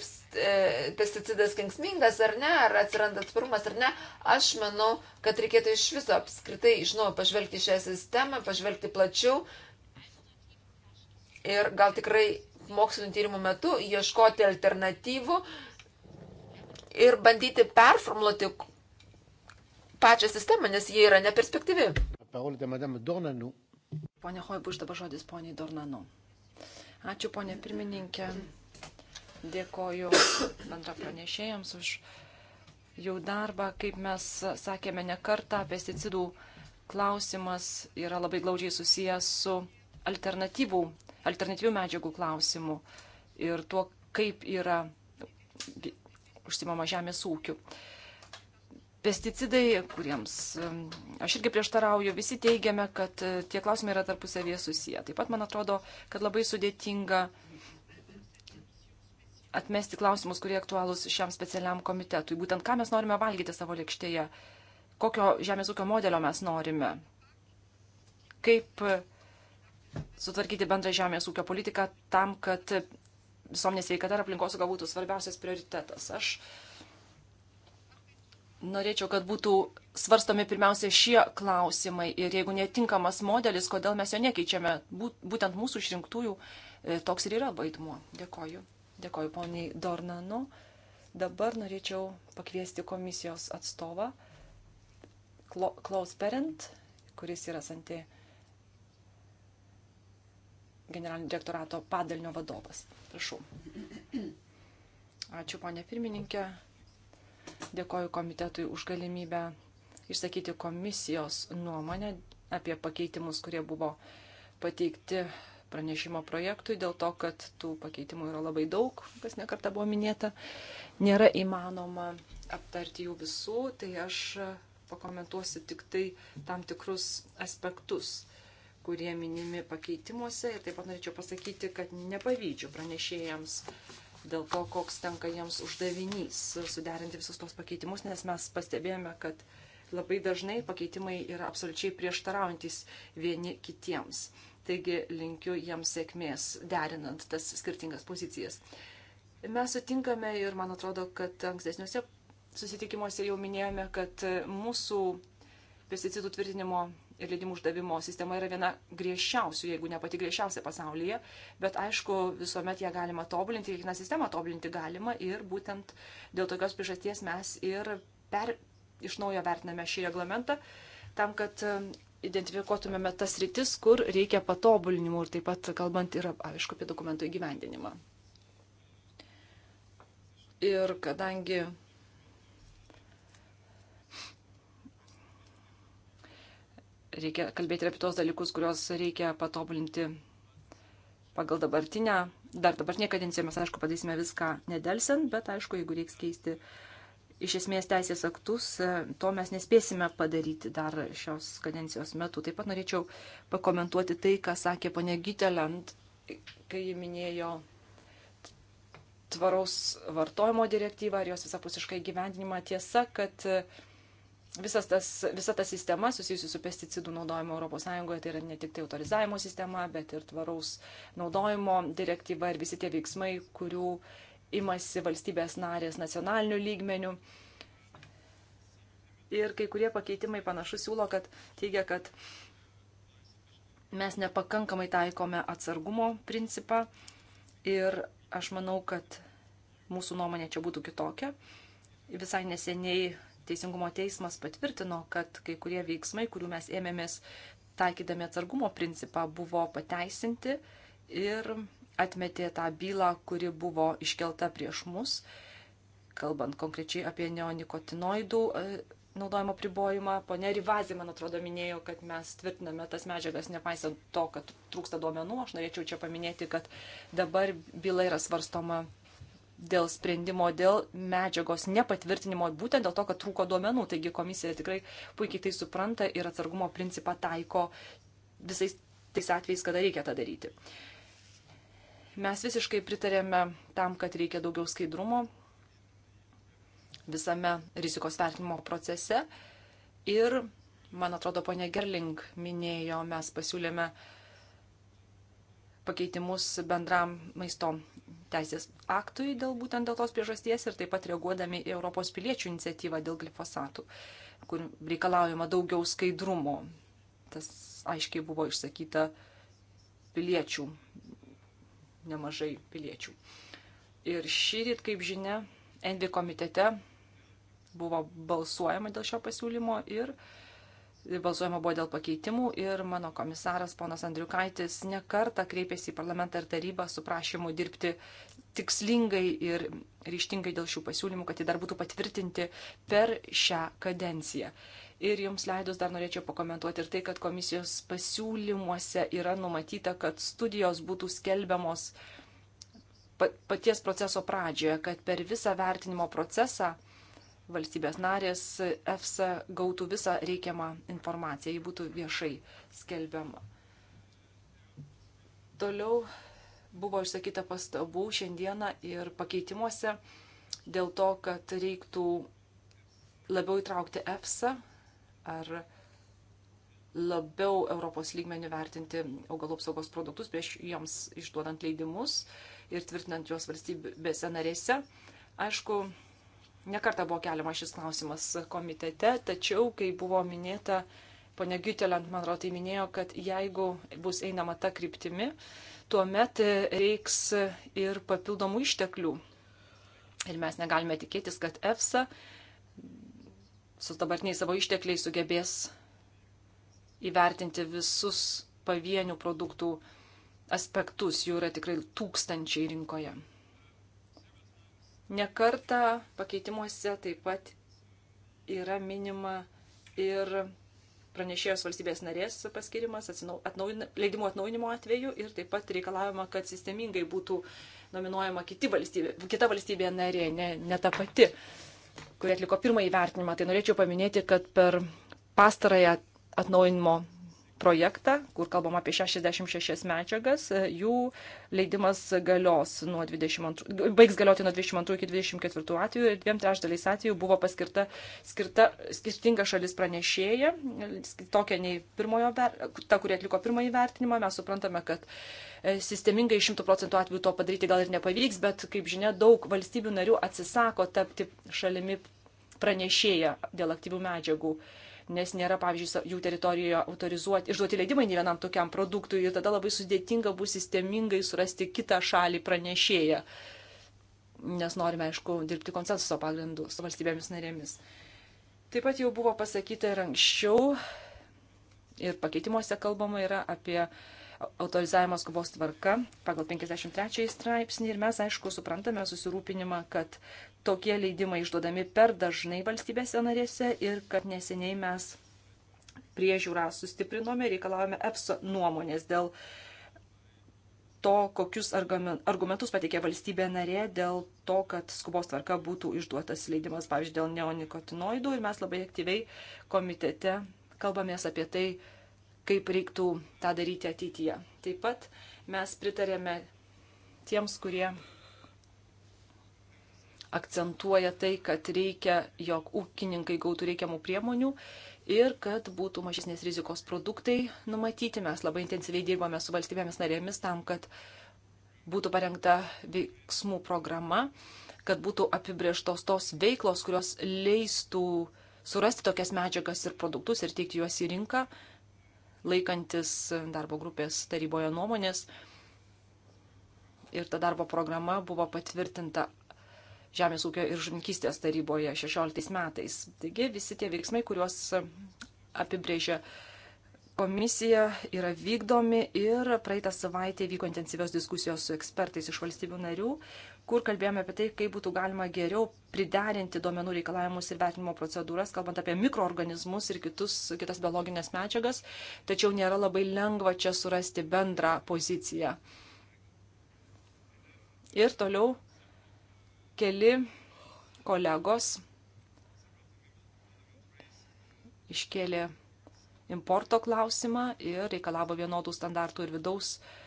pesticidas kenksmingas ar ne, ar atsiranda atsparumas ar ne. Aš manau, kad reikėtų iš viso apskritai iš naujo pažvelgti šią sistemą, pažvelgti plačiau ir gal tikrai mokslinio tyrimų metu ieškoti alternatyvų ir bandyti performuoti pačią sistemą, nes jie yra neperspektyvi. Pone Hoibuš, dabar žodis poniai Dornanu. Ačiū, ponė pirmininkė. Dėkoju bendra pranešėjams už jų darbą. Kaip mes sakėme ne kartą, pesticidų klausimas yra labai glaudžiai susijęs su alternatyvų, alternatyvių medžiagų klausimu ir tuo, kaip yra užsimama žemės ūkiu. Uh, Pesticidai, kuriems aš irgi prieštarauju, visi teigiame, kad e, tie klausimai yra tarpusavėje susiję. Taip pat man atrodo, kad labai sudėtinga atmesti klausimus, kurie aktualūs šiam specialiam komitetui. Būtent ką mes norime valgyti savo lėkštėje, kokio žemės ūkio modelio mes norime, kaip e, sutvarkyti bendrą žemės ūkio politiką tam, kad visuomenės sveikata ir aplinkosauga būtų svarbiausias prioritetas. Aš Norėčiau, kad būtų svarstomi pirmiausia šie klausimai ir jeigu netinkamas modelis, kodėl mes jo nekeičiame, būtent mūsų išrinktųjų e, toks ir yra vaidmuo. Dėkoju. Dėkoju poniai Dornanu. Dabar norėčiau pakviesti komisijos atstovą Klaus Perent, kuris yra Santi generalinio direktorato padalinio vadovas. Prašau. Ačiū, ponė pirmininkė. Dėkoju komitetui už galimybę išsakyti komisijos nuomonę apie pakeitimus, kurie buvo pateikti pranešimo projektui, dėl to, kad tų pakeitimų yra labai daug, kas nekarta buvo minėta. Nėra įmanoma aptarti jų visų, tai aš pakomentuosiu tik tai tam tikrus aspektus, kurie minimi pakeitimuose. Ir taip pat norėčiau pasakyti, kad nepavydžiu pranešėjams dėl to, koks tenka jiems uždavinys suderinti visus tos pakeitimus, nes mes pastebėjome, kad labai dažnai pakeitimai yra absoliučiai prieštaraujantis vieni kitiems. Taigi linkiu jiems sėkmės derinant tas skirtingas pozicijas. Mes sutinkame ir man atrodo, kad ankstesniuose susitikimuose jau minėjome, kad mūsų pesticidų tvirtinimo ir leidimų uždavimo sistema yra viena griežčiausių, jeigu ne pati griežčiausia pasaulyje, bet aišku, visuomet ją galima tobulinti, kiekvieną sistemą tobulinti galima ir būtent dėl tokios priežasties mes ir per, iš naujo vertiname šį reglamentą tam, kad um, identifikuotumėme tas rytis, kur reikia patobulinimų ir taip pat kalbant ir, aišku, apie dokumentų įgyvendinimą. Ir kadangi reikia kalbėti ir apie tos dalykus, kuriuos reikia patobulinti pagal dabartinę. Dar dabartinė kadencija mes, aišku, padarysime viską nedelsiant, bet, aišku, jeigu reiks keisti iš esmės teisės aktus, to mes nespėsime padaryti dar šios kadencijos metu. Taip pat norėčiau pakomentuoti tai, ką sakė ponė Gitelant, kai ji minėjo tvaraus vartojimo direktyvą ir jos visapusiškai gyvendinimą. Tiesa, kad uh, visas tas, visa ta sistema susijusi su pesticidų naudojimu ES, tai yra ne tik tai autorizavimo sistema, bet ir tvaraus naudojimo direktyva ir visi tie veiksmai, kurių imasi valstybės narės nacionaliniu lygmeniu. Ir kai kurie pakeitimai panašus siūlo, kad teigia, kad mes nepakankamai taikome atsargumo principą ir aš manau, kad mūsų nuomonė čia būtų kitokia. Visai neseniai Teisingumo teismas patvirtino, kad kai kurie veiksmai, kurių mes ėmėmės taikydami atsargumo principą, buvo pateisinti ir atmetė tą bylą, kuri buvo iškelta prieš mus, kalbant konkrečiai apie neonikotinoidų e, naudojimo pribojimą. Pone Rivazė, man atrodo, minėjo, kad mes tvirtiname tas medžiagas, nepaisant to, kad trūksta duomenų. Aš norėčiau čia paminėti, kad dabar byla yra svarstoma dėl sprendimo, dėl medžiagos nepatvirtinimo, būtent dėl to, kad trūko duomenų. Taigi komisija tikrai puikiai tai supranta ir atsargumo principą taiko visais tais atvejais, kada reikia tą daryti. Mes visiškai pritarėme tam, kad reikia daugiau skaidrumo visame rizikos vertinimo procese. Ir, man atrodo, ponė Gerling minėjo, mes pasiūlėme pakeitimus bendram maisto teisės aktui dėl būtent dėl tos priežasties ir taip pat reaguodami į Europos piliečių iniciatyvą dėl glifosatų, kur reikalaujama daugiau skaidrumo. Tas aiškiai buvo išsakyta piliečių, nemažai piliečių. Ir šį rytą, kaip žinia, Envi komitete buvo balsuojama dėl šio pasiūlymo ir uh, balsuojama buvo dėl pakeitimų ir mano komisaras ponas Andriukaitis nekarta kreipėsi į parlamentą ir tarybą su prašymu dirbti tikslingai ir ryštingai dėl šių pasiūlymų, kad jie dar būtų patvirtinti per šią kadenciją. Ir jums leidus dar norėčiau pakomentuoti ir tai, kad komisijos pasiūlymuose yra numatyta, kad studijos būtų skelbiamos paties proceso pradžioje, kad per visą vertinimo procesą valstybės narės EFSA gautų visą reikiamą informaciją, ji būtų viešai skelbiama. Toliau buvo išsakyta pastabų šiandieną ir pakeitimuose dėl to, kad reiktų labiau įtraukti EFSA ar labiau Europos lygmenių vertinti augalų apsaugos produktus prieš joms išduodant leidimus ir tvirtinant juos valstybėse narėse. Aišku, Nekarta buvo keliamas šis klausimas komitete, tačiau, kai buvo minėta, ponia Gytelent, man atrodo, tai minėjo, kad jeigu bus einama ta kryptimi, tuomet reiks ir papildomų išteklių. Ir mes negalime tikėtis, kad EFSA su dabartiniais savo ištekliais sugebės įvertinti visus pavienių produktų aspektus, jų yra tikrai tūkstančiai rinkoje. Nekarta pakeitimuose taip pat yra minima ir pranešėjos valstybės narės paskirimas atnaujin, leidimo atnaujinimo atveju ir taip pat reikalavimą, kad sistemingai būtų nominuojama valstybė, kita valstybė narė, ne, ne ta pati, kuri atliko pirmąjį vertinimą. Tai norėčiau paminėti, kad per pastarąją atnaujinimo projektą, kur kalbam apie 66 medžiagas, e, jų leidimas galios nuo 22, baigs galioti nuo 22 iki 24 atveju ir dviem trešdaliais atveju buvo paskirta skirta, skirtinga šalis pranešėja, tokia nei pirmojo, ta, kuri atliko pirmąjį vertinimą, mes suprantame, kad e, sistemingai 100 procentų atveju to padaryti gal ir nepavyks, bet kaip žinia, daug valstybių narių atsisako tapti šalimi pranešėja dėl aktyvių medžiagų. Uh, nes nėra, pavyzdžiui, jų teritorijoje autorizuoti, išduoti leidimai ne vienam tokiam produktui ir tada labai sudėtinga bus sistemingai surasti kitą šalį pranešėją, nes norime, aišku, dirbti konsensuso pagrindu su valstybėmis narėmis. Taip pat jau buvo pasakyta ir anksčiau, ir pakeitimuose kalbama yra apie autorizavimas kovos tvarka pagal 53 straipsnį ir mes, aišku, suprantame susirūpinimą, kad tokie leidimai išduodami per dažnai valstybėse narėse ir kad neseniai mes priežiūrą sustiprinome, reikalavome EPSO nuomonės dėl to, kokius argumentus pateikė valstybė narė dėl to, kad skubos tvarka būtų išduotas leidimas, pavyzdžiui, dėl neonikotinoidų ir mes labai aktyviai komitete kalbamės apie tai, kaip reiktų tą daryti ateityje. Taip pat mes pritarėme tiems, kurie akcentuoja tai, kad reikia, jog ūkininkai gautų reikiamų priemonių ir kad būtų mažesnės rizikos produktai numatyti. Mes labai intensyviai dirbame su valstybėmis narėmis tam, kad būtų parengta veiksmų programa, kad būtų apibrieštos tos veiklos, kurios leistų surasti tokias medžiagas ir produktus ir teikti juos į rinką. Uh, laikantis darbo grupės taryboje nuomonės. Ir ta darbo programa buvo patvirtinta Žemės ūkio ir žuvinkystės taryboje 16 metais. Taigi visi tie veiksmai, kuriuos apibrėžia komisija, yra vykdomi ir praeitą savaitę vyko intensyvios diskusijos su ekspertais iš valstybių narių, kur kalbėjome apie tai, kaip būtų galima geriau priderinti duomenų reikalavimus ir vertinimo procedūras, kalbant apie mikroorganizmus ir kitus, kitas biologinės medžiagas, tačiau nėra labai lengva čia surasti bendrą poziciją. Ir toliau keli kolegos iškėlė importo klausimą ir reikalavo vienodų standartų ir vidaus standartų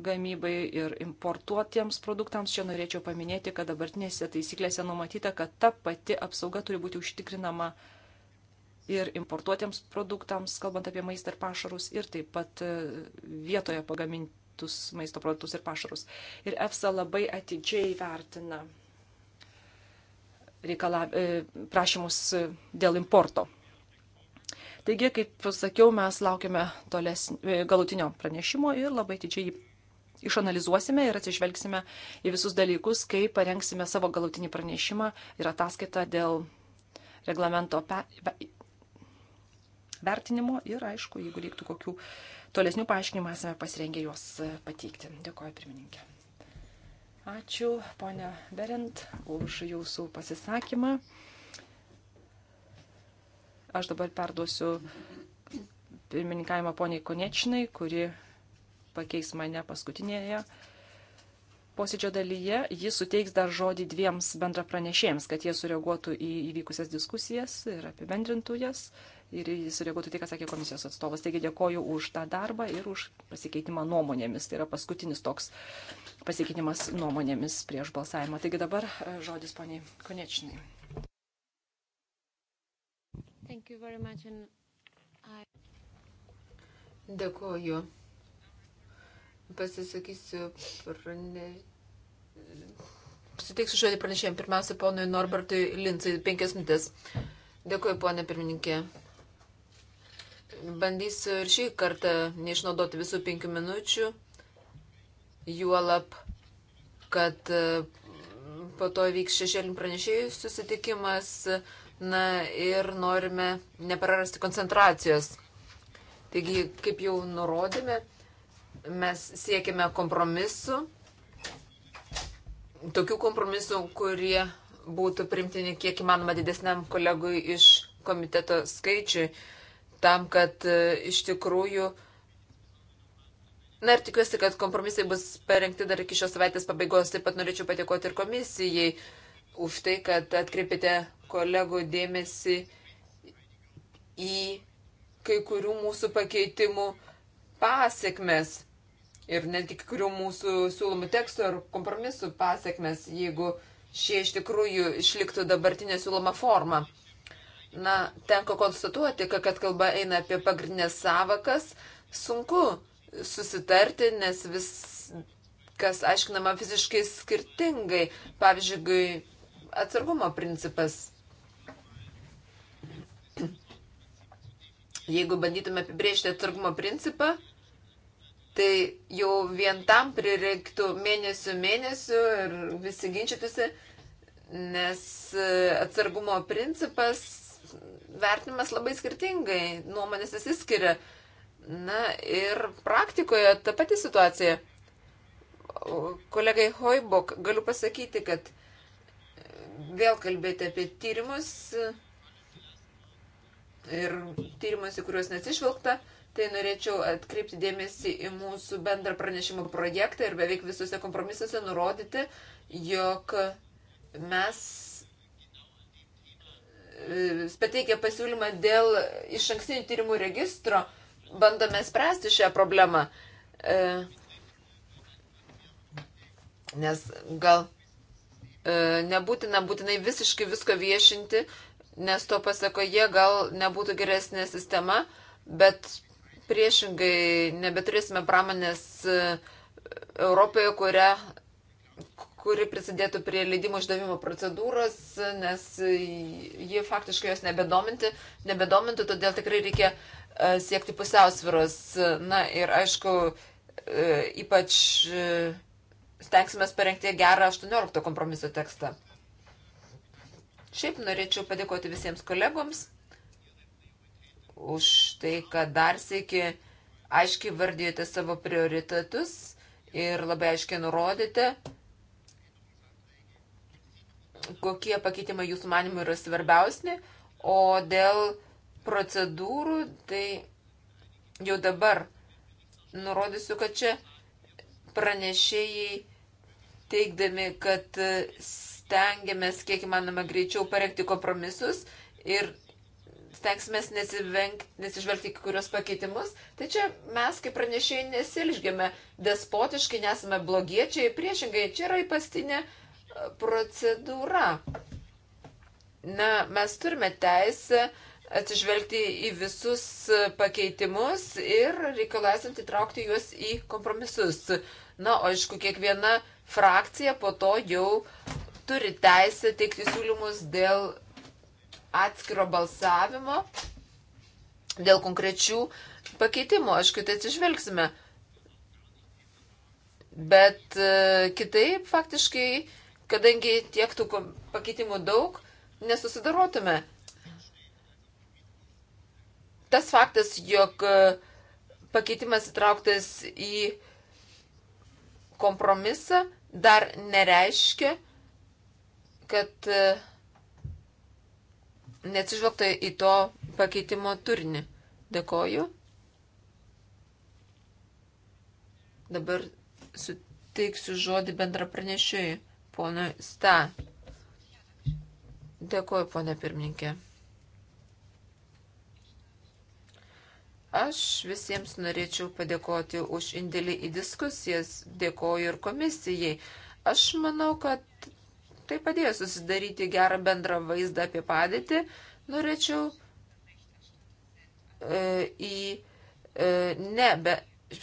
gamybai ir importuotiems produktams. Čia norėčiau paminėti, kad dabartinėse taisyklėse numatyta, kad ta pati apsauga turi būti užtikrinama ir importuotiems produktams, kalbant apie maistą ir pašarus, ir taip pat e, vietoje pagamintus maisto produktus ir pašarus. Ir EFSA labai atidžiai vertina reikala, e, prašymus dėl importo. Taigi, kaip sakiau, mes laukiame tolesnio e, galutinio pranešimo ir labai didžiai jį išanalizuosime ir atsižvelgsime į visus dalykus, kai parengsime savo galutinį pranešimą ir ataskaitą dėl reglamento pe... vertinimo ir, aišku, jeigu reiktų kokių tolesnių paaiškinimų, esame pasirengę juos e, pateikti. Dėkuoju, pirmininkė. Ačiū, ponia Berent, už jūsų pasisakymą. Aš dabar perduosiu pirmininkavimą poniai Konečinai, kuri pakeis mane paskutinėje posėdžio dalyje. Jis suteiks dar žodį dviems bendra pranešėjams, kad jie sureaguotų į įvykusias diskusijas ir apibendrintų jas. Ir jis sureaguotų tai, ką sakė komisijos atstovas. Taigi dėkoju už tą darbą ir už pasikeitimą nuomonėmis. Tai yra paskutinis toks pasikeitimas nuomonėmis prieš balsavimą. Taigi dabar e, žodis poniai Konečnai. Thank you very much. And I... Dėkoju pasisakysiu prane... Suteiksiu žodį pranešėjim. Pirmiausia, ponui Norbertui Lincai, penkias minutės. Dėkuoju, ponė pirmininkė. Bandysiu ir šį kartą neišnaudoti visų penkių minučių, juolap, kad e, po to vyks šešėlin pranešėjų susitikimas, na ir norime neprarasti koncentracijos. Taigi, kaip jau nurodėme, Mes siekime kompromisu, tokių kompromisų, kurie būtų primtini kiek įmanoma didesniam kolegui iš komiteto skaičiui, tam, kad e, iš tikrųjų Na ir tikiuosi, kad kompromisai bus parengti dar iki šios savaitės pabaigos. Taip pat norėčiau patikoti ir komisijai už tai, kad atkreipėte kolegų dėmesį į kai kurių mūsų pakeitimų pasiekmes ir netgi kai kurių mūsų siūlomų tekstų ar kompromisų pasiekmes, jeigu šie iš tikrųjų išliktų dabartinė siūloma forma. Na, tenko konstatuoti, kad kalba eina apie pagrindinės savakas, sunku susitarti, nes viskas aiškinama fiziškai skirtingai. Pavyzdžiui, atsargumo principas. Jeigu bandytume apibrėžti atsargumo principą, tai jau vien tam prireiktų mėnesių mėnesių ir visi ginčytųsi, nes e, atsargumo principas vertinimas labai skirtingai, nuomonės įsiskiria. Na ir praktikoje ta pati situacija. Kolegai Hoibok galiu pasakyti, kad e, vėl kalbėti apie tyrimus e, ir tyrimus, į kuriuos nesižvelgta tai norėčiau atkreipti dėmesį į mūsų bendrą pranešimo projektą ir beveik visose kompromisuose nurodyti, jog mes e, pateikė pasiūlymą dėl iš ankstinių tyrimų registro, bandome spręsti šią problemą. E, nes gal e, nebūtina būtinai visiškai visko viešinti, nes to pasakoje gal nebūtų geresnė sistema, bet Priešingai, nebeturėsime pramonės e, Europoje, kuria, kuri prisidėtų prie leidimų išdavimo procedūros, nes ji faktiškai jos nebedominti, nebedomintų, todėl tikrai reikia e, siekti pusiausviros. Na ir aišku, e, ypač stengsime parengti gerą 18 kompromiso tekstą. Šiaip norėčiau padėkoti visiems kolegoms už tai, kad dar sėki aiškiai vardėjote savo prioritetus ir labai aiškiai nurodėte, kokie pakeitimai jūsų manimų yra svarbiausni, o dėl procedūrų, tai jau dabar nurodysiu, kad čia pranešėjai teikdami, kad stengiamės kiek įmanoma greičiau parengti kompromisus ir stengsimės nesižvelgti kai kurios pakeitimus, tai čia mes kaip pranešėjai nesilžgiame despotiškai, nesame blogiečiai, priešingai, čia yra įpastinė e, procedūra. Na, mes turime teisę atsižvelgti į visus e, pakeitimus ir reikalaisant įtraukti juos į kompromisus. Na, o aišku, kiekviena frakcija po to jau turi teisę teikti siūlymus dėl atskiro balsavimo dėl konkrečių pakeitimų. Aišku, tai atsižvelgsime. Bet e, kitaip, faktiškai, kadangi tiek tų pakeitimų daug, nesusidarotume. Tas faktas, jog e, pakeitimas įtrauktas į kompromisą, dar nereiškia, kad uh, neatsižvelgta į to pakeitimo turinį. Dėkoju. Dabar suteiksiu žodį bendra pranešėjai, ponui Sta. Dėkoju, ponė pirmininkė. Aš visiems norėčiau padėkoti už indėlį į diskusijas, dėkoju ir komisijai. Aš manau, kad Tai padėjo susidaryti gerą bendrą vaizdą apie padėtį. Norėčiau e, į e, ne be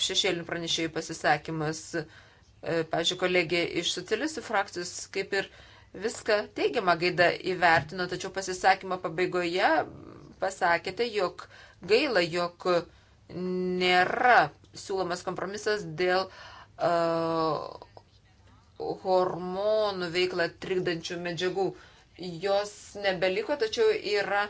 šešėlinių pranešėjų pasisakymas, e, pažiūrėjau, kolegė iš socialistų frakcijos kaip ir viską teigiamą gaidą įvertino, tačiau pasisakymo pabaigoje pasakėte, jog gaila, jog nėra siūlomas kompromisas dėl uh, hormonų veiklą trikdančių medžiagų. Jos nebeliko, tačiau yra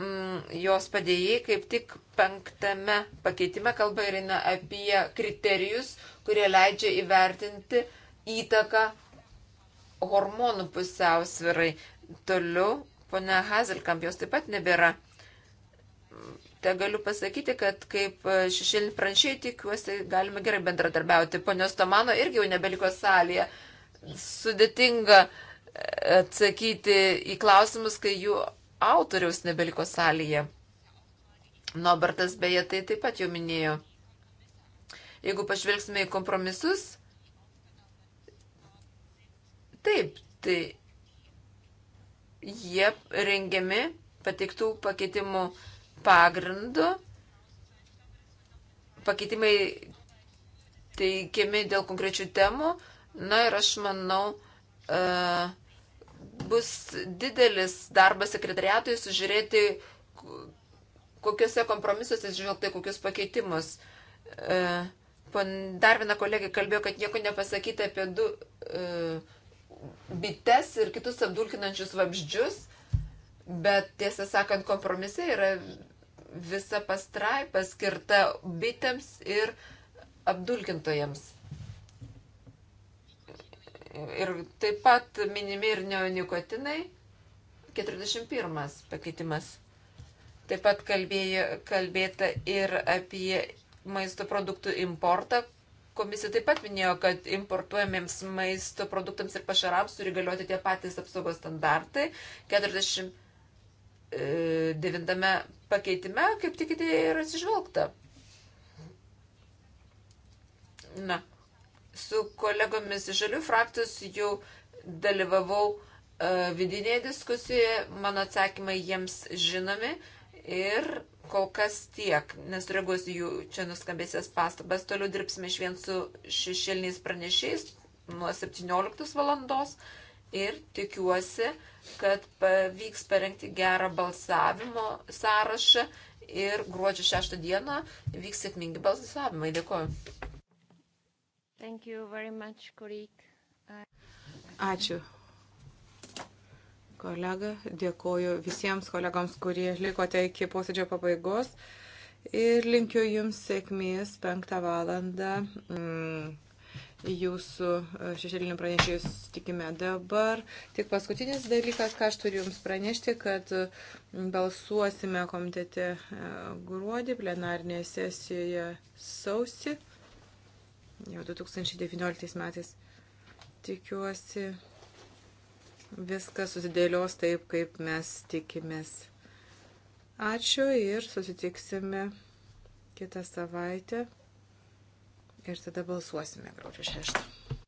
mm, jos padėjėjai kaip tik penktame pakeitime kalba ir eina apie kriterijus, kurie leidžia įvertinti įtaką hormonų pusiausvirai. Toliau, ponia Hazelkamp, jos taip pat nebėra. Te galiu pasakyti, kad kaip šešėlinį pranšiai tikiuosi, galime gerai bendradarbiauti. Ponios Tomano irgi jau nebeliko salėje sudėtinga e, atsakyti į klausimus, kai jų autoriaus nebeliko salėje. Nobertas beje tai taip pat jau minėjo. Jeigu pažvelgsime į kompromisus, taip, tai jie rengiami pateiktų pakeitimų pagrindu. Pakeitimai teikiami dėl konkrečių temų, Na ir aš manau, e, bus didelis darbas sekretariatui sužiūrėti, kokiuose kompromisuose žvelgti, kokius pakeitimus. E, dar viena kolegė kalbėjo, kad nieko nepasakyti apie du e, bites ir kitus apdulkinančius vabzdžius, bet tiesą sakant, kompromise yra visa pastraipa skirta bitėms ir apdulkintojams. Ir taip pat minimi ir neonikotinai. 41 pakeitimas. Taip pat kalbėjo, kalbėta ir apie maisto produktų importą. Komisija taip pat minėjo, kad importuojamiems maisto produktams ir pašarams turi galioti tie patys apsaugos standartai. 49 e, pakeitime, kaip tikite, tai yra atsižvelgta. Na, Su kolegomis iš žalių frakcijos jau dalyvavau e, vidinėje diskusijoje, mano atsakymai jiems žinomi ir kol kas tiek, nes reaguosiu jų čia nuskambėsias pastabas. Toliau dirbsime iš vien su šešėliniais pranešiais nuo 17 valandos ir tikiuosi, kad pavyks parengti gerą balsavimo sąrašą ir gruodžio 6 dieną vyks sėkmingi balsavimai. Dėkuoju. Much, I... Uh, Ačiū. Kolega, dėkoju visiems kolegams, kurie likote iki posėdžio pabaigos ir linkiu jums sėkmės penktą valandą. Mm jūsų e, šešėlinių pranešėjų susitikime. Dabar tik paskutinis dalykas, ką aš turiu Jums pranešti, kad mm, balsuosime komitete e, gruodį, plenarnėje sesijoje sausi jau 2019 metais. Tikiuosi, viskas susidėlios taip, kaip mes tikimės. Ačiū ir susitiksime kitą savaitę. Ir tada balsuosime gruodžio 6.